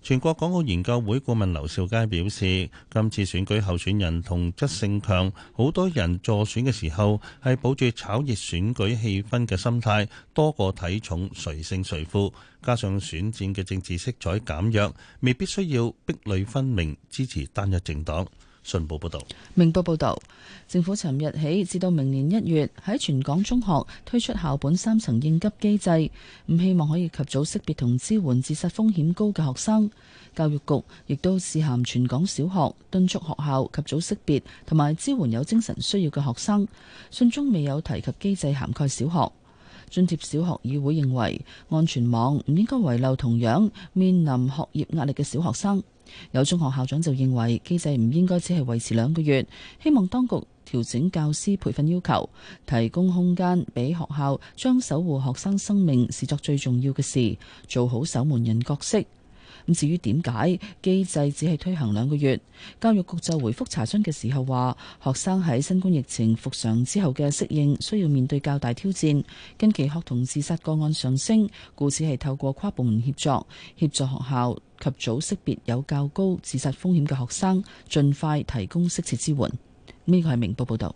全國港澳研究會顧問劉兆佳表示，今次選舉候選人同質性強，好多人助選嘅時候係抱住炒熱選舉氣氛嘅心態，多過睇重誰勝誰負，加上選戰嘅政治色彩減弱，未必需要壁壘分明支持單一政黨。信報報導，明報報道，政府尋日起至到明年一月，喺全港中學推出校本三層應急機制，唔希望可以及早識別同支援自殺風險高嘅學生。教育局亦都致函全港小學，敦促學校及早識別同埋支援有精神需要嘅學生。信中未有提及機制涵蓋小學。津貼小學議會認為，安全網唔應該遺漏同樣面臨學業壓力嘅小學生。有中學校長就認為機制唔應該只係維持兩個月，希望當局調整教師培訓要求，提供空間俾學校，將守護學生生命視作最重要嘅事，做好守門人角色。咁至於點解機制只係推行兩個月，教育局就回覆查詢嘅時候話，學生喺新冠疫情復常之後嘅適應需要面對較大挑戰，近期學童自殺個案上升，故此係透過跨部門協作，協助學校及早識別有較高自殺風險嘅學生，盡快提供適切支援。呢個係明報報導。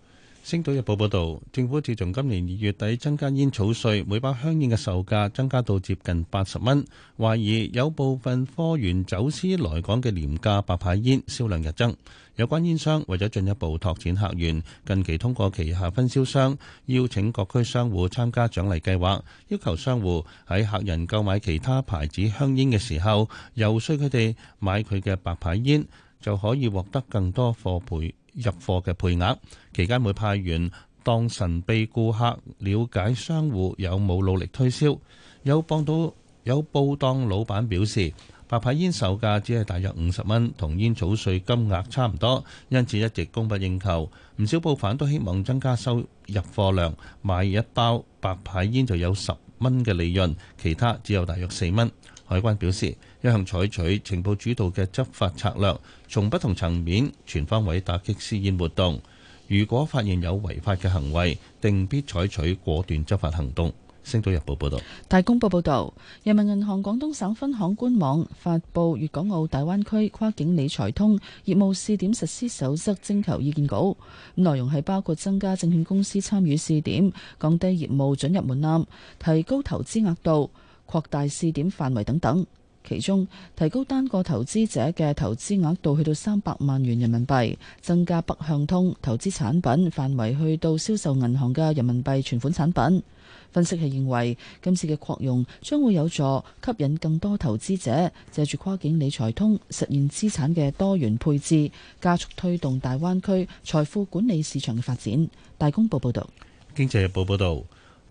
《星島日報》報導，政府自從今年二月底增加煙草稅，每包香煙嘅售價增加到接近八十蚊，懷疑有部分貨源走私來港嘅廉價白牌煙銷量日增。有關煙商為咗進一步拓展客源，近期通過旗下分銷商邀請各區商戶參加獎勵計劃，要求商戶喺客人購買其他牌子香煙嘅時候，遊說佢哋買佢嘅白牌煙，就可以獲得更多貨幣。入貨嘅配額，期間會派員當神秘顧客了解商戶有冇努力推銷，有幫到，有報檔老闆表示，白牌煙售價只係大約五十蚊，同煙草稅金額差唔多，因此一直供不應求。唔少報販都希望增加收入貨量，買一包白牌煙就有十蚊嘅利潤，其他只有大約四蚊。海關表示。一向採取情報主導嘅執法策略，從不同層面全方位打擊私煙活動。如果發現有違法嘅行為，定必採取果斷執法行動。星島日報報道。《大公報》報道：人民銀行廣東省分行官網發布《粵港澳大灣區跨境理財通業務試點實施守則徵求意見稿》，內容係包括增加證券公司參與試點、降低業務准入門檻、提高投資額度、擴大試點範圍等等。其中提高單個投資者嘅投資額度去到三百萬元人民幣，增加北向通投資產品範圍去到銷售銀行嘅人民幣存款產品。分析係認為，今次嘅擴容將會有助吸引更多投資者借住跨境理財通實現資產嘅多元配置，加速推動大灣區財富管理市場嘅發展。大公報報道。經濟日報報道。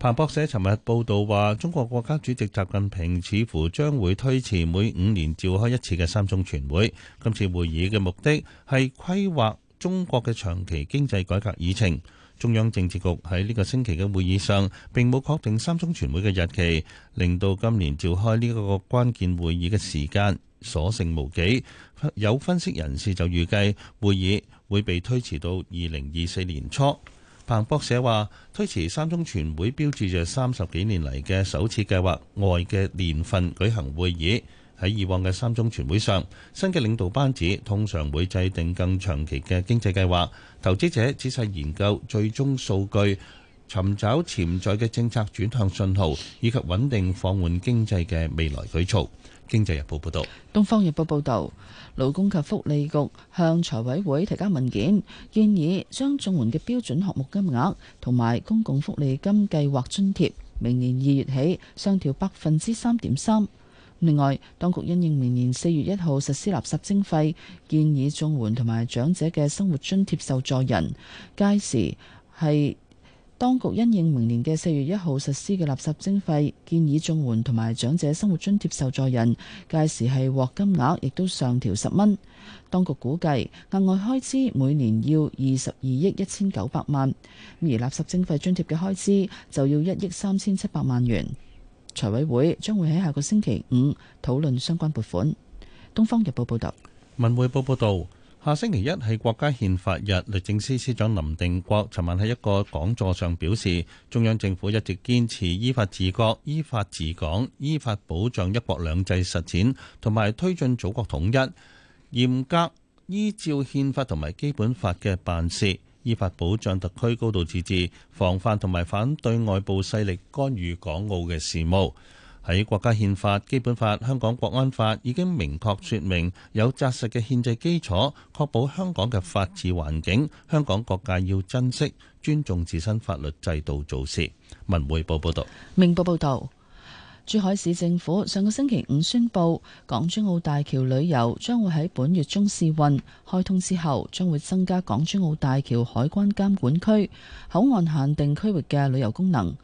彭博社尋日報道話，中國國家主席習近平似乎將會推遲每五年召開一次嘅三中全會。今次會議嘅目的係規劃中國嘅長期經濟改革議程。中央政治局喺呢個星期嘅會議上並冇確定三中全會嘅日期，令到今年召開呢個關鍵會議嘅時間所剩無幾。有分析人士就預計會，會議會被推遲到二零二四年初。彭博社話，推遲三中全會標誌着三十幾年嚟嘅首次計劃外嘅年份舉行會議。喺以往嘅三中全會上，新嘅領導班子通常會制定更長期嘅經濟計劃。投資者仔細研究最終數據，尋找潛在嘅政策轉向信號，以及穩定放緩經濟嘅未來舉措。經濟日報報道。東方日報報道。勞工及福利局向財委會提交文件，建議將綜援嘅標準項目金額同埋公共福利金計劃津貼明年二月起上調百分之三點三。另外，當局因應明年四月一號實施垃圾徵費，建議綜援同埋長者嘅生活津貼受助人屆時係。當局因應明年嘅四月一號實施嘅垃圾徵費，建議綜援同埋長者生活津貼受助人屆時係獲金額亦都上調十蚊。當局估計額外開支每年要二十二億一千九百萬，而垃圾徵費津貼嘅開支就要一億三千七百萬元。財委會將會喺下個星期五討論相關撥款。《東方日報》報道，《文匯報》報道。下星期一係國家憲法日，律政司司長林定國尋晚喺一個講座上表示，中央政府一直堅持依法治國依法治港，依法保障一國兩制實踐同埋推進祖國統一，嚴格依照憲法同埋基本法嘅辦事，依法保障特區高度自治，防範同埋反對外部勢力干預港澳嘅事務。喺國家憲法、基本法、香港國安法已經明確説明，有紮實嘅憲制基礎，確保香港嘅法治環境。香港各界要珍惜、尊重自身法律制度，做事。文匯報報道。明報報導。珠海市政府上個星期五宣布，港珠澳大橋旅遊將會喺本月中試運，開通之後將會增加港珠澳大橋海關監管區口岸限定區域嘅旅遊功能。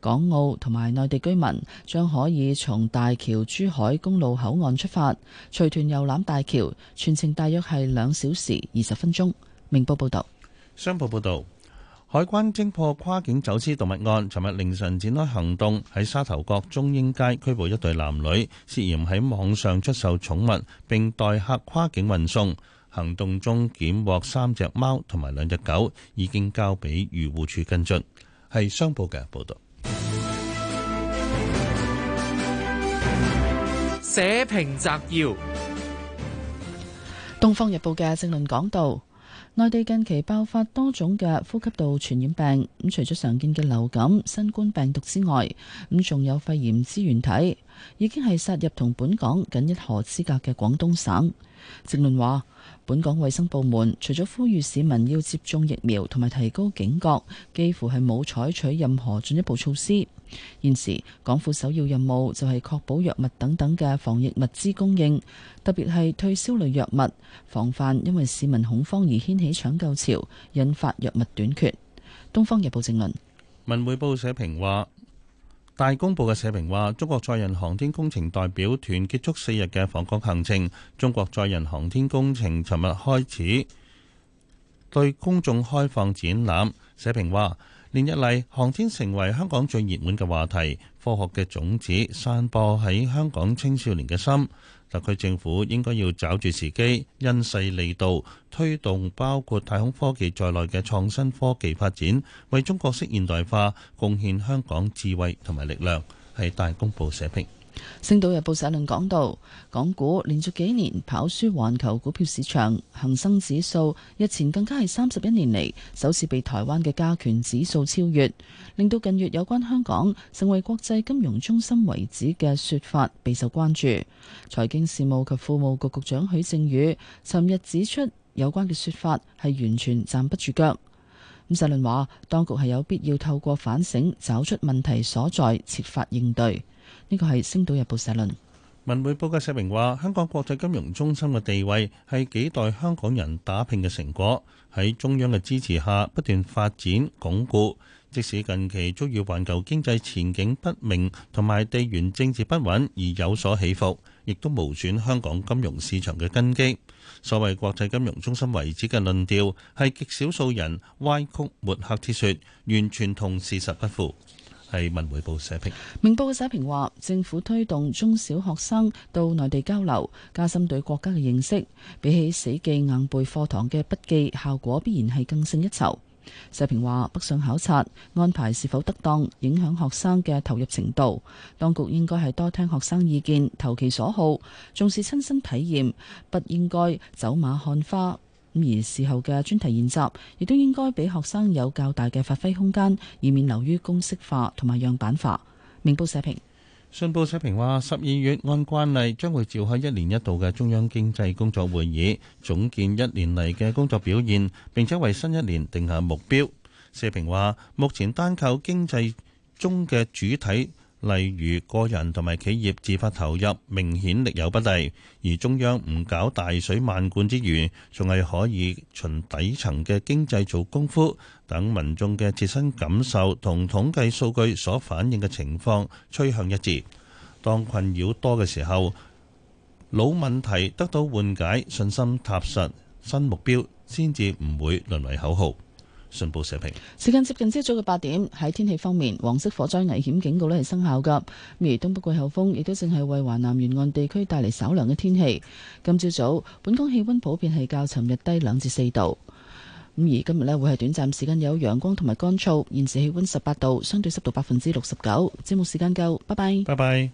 港澳同埋內地居民將可以從大橋珠海公路口岸出發，隨團遊覽大橋，全程大約係兩小時二十分鐘。明報報道。商報報道。海關偵破跨境走私動物案，尋日凌晨展開行動，喺沙頭角中英街拘捕一對男女，涉嫌喺網上出售寵物，並代客跨境運送。行動中，檢獲三隻貓同埋兩隻狗，已經交俾漁護處跟進。係商報嘅報道。社評摘要，《東方日報》嘅正論講道。內地近期爆發多種嘅呼吸道傳染病，咁除咗常見嘅流感、新冠病毒之外，咁仲有肺炎支原體，已經係殺入同本港僅一河之隔嘅廣東省。評論話，本港衛生部門除咗呼籲市民要接種疫苗同埋提高警覺，幾乎係冇採取任何進一步措施。現時港府首要任務就係確保藥物等等嘅防疫物資供應，特別係退燒類藥物，防範因為市民恐慌而掀起搶購潮，引發藥物短缺。東方日報正論，文匯報社評話，大公報嘅社評話，中國載人航天工程代表團結束四日嘅訪港行程，中國載人航天工程尋日開始對公眾開放展覽，社評話。連日嚟，航天成為香港最熱門嘅話題，科學嘅種子散播喺香港青少年嘅心。特區政府應該要抓住時機，因勢利導，推動包括太空科技在內嘅創新科技發展，為中國式現代化貢獻香港智慧同埋力量。係大公報社評。星島日報社論講到，港股連續幾年跑輸環球股票市場，恒生指數日前更加係三十一年嚟首次被台灣嘅加權指數超越，令到近月有關香港成為國際金融中心為止嘅說法備受關注。財經事務及庫務局局局長許正宇尋日指出，有關嘅說法係完全站不住腳。咁社論話，當局係有必要透過反省，找出問題所在，設法應對。呢個係《星島日報》社論，文匯報嘅社評話：香港國際金融中心嘅地位係幾代香港人打拼嘅成果，喺中央嘅支持下不斷發展鞏固。即使近期遭遇環球經濟前景不明同埋地緣政治不穩而有所起伏，亦都無損香港金融市場嘅根基。所謂國際金融中心遺址嘅論調係極少數人歪曲抹黑之說，完全同事實不符。係文匯報社評。明報嘅社評話，政府推動中小學生到內地交流，加深對國家嘅認識，比起死記硬背課堂嘅筆記，效果必然係更勝一籌。社評話，北上考察安排是否得當，影響學生嘅投入程度。當局應該係多聽學生意見，投其所好，重視親身體驗，不應該走馬看花。咁而事後嘅專題研習，亦都應該俾學生有較大嘅發揮空間，以免流於公式化同埋樣板化。明報社評，信報社評話，十二月按慣例將會召開一年一度嘅中央經濟工作會議，總結一年嚟嘅工作表現，並且為新一年定下目標。社評話，目前單靠經濟中嘅主體。例如個人同埋企業自發投入明顯力有不逮，而中央唔搞大水漫灌之餘，仲係可以循底層嘅經濟做功夫，等民眾嘅切身感受同統計數據所反映嘅情況趨向一致。當困擾多嘅時候，老問題得到緩解，信心踏實，新目標先至唔會淪為口號。信報社評。時間接近朝早嘅八點，喺天氣方面，黃色火災危險警告咧係生效嘅，而東北季候風亦都正係為華南沿岸地區帶嚟稍涼嘅天氣。今朝早，早本港氣温普遍係較尋日低兩至四度。咁而今日咧會係短暫時間有陽光同埋乾燥，現時氣温十八度，相對濕度百分之六十九。節目時間夠，拜拜，拜拜。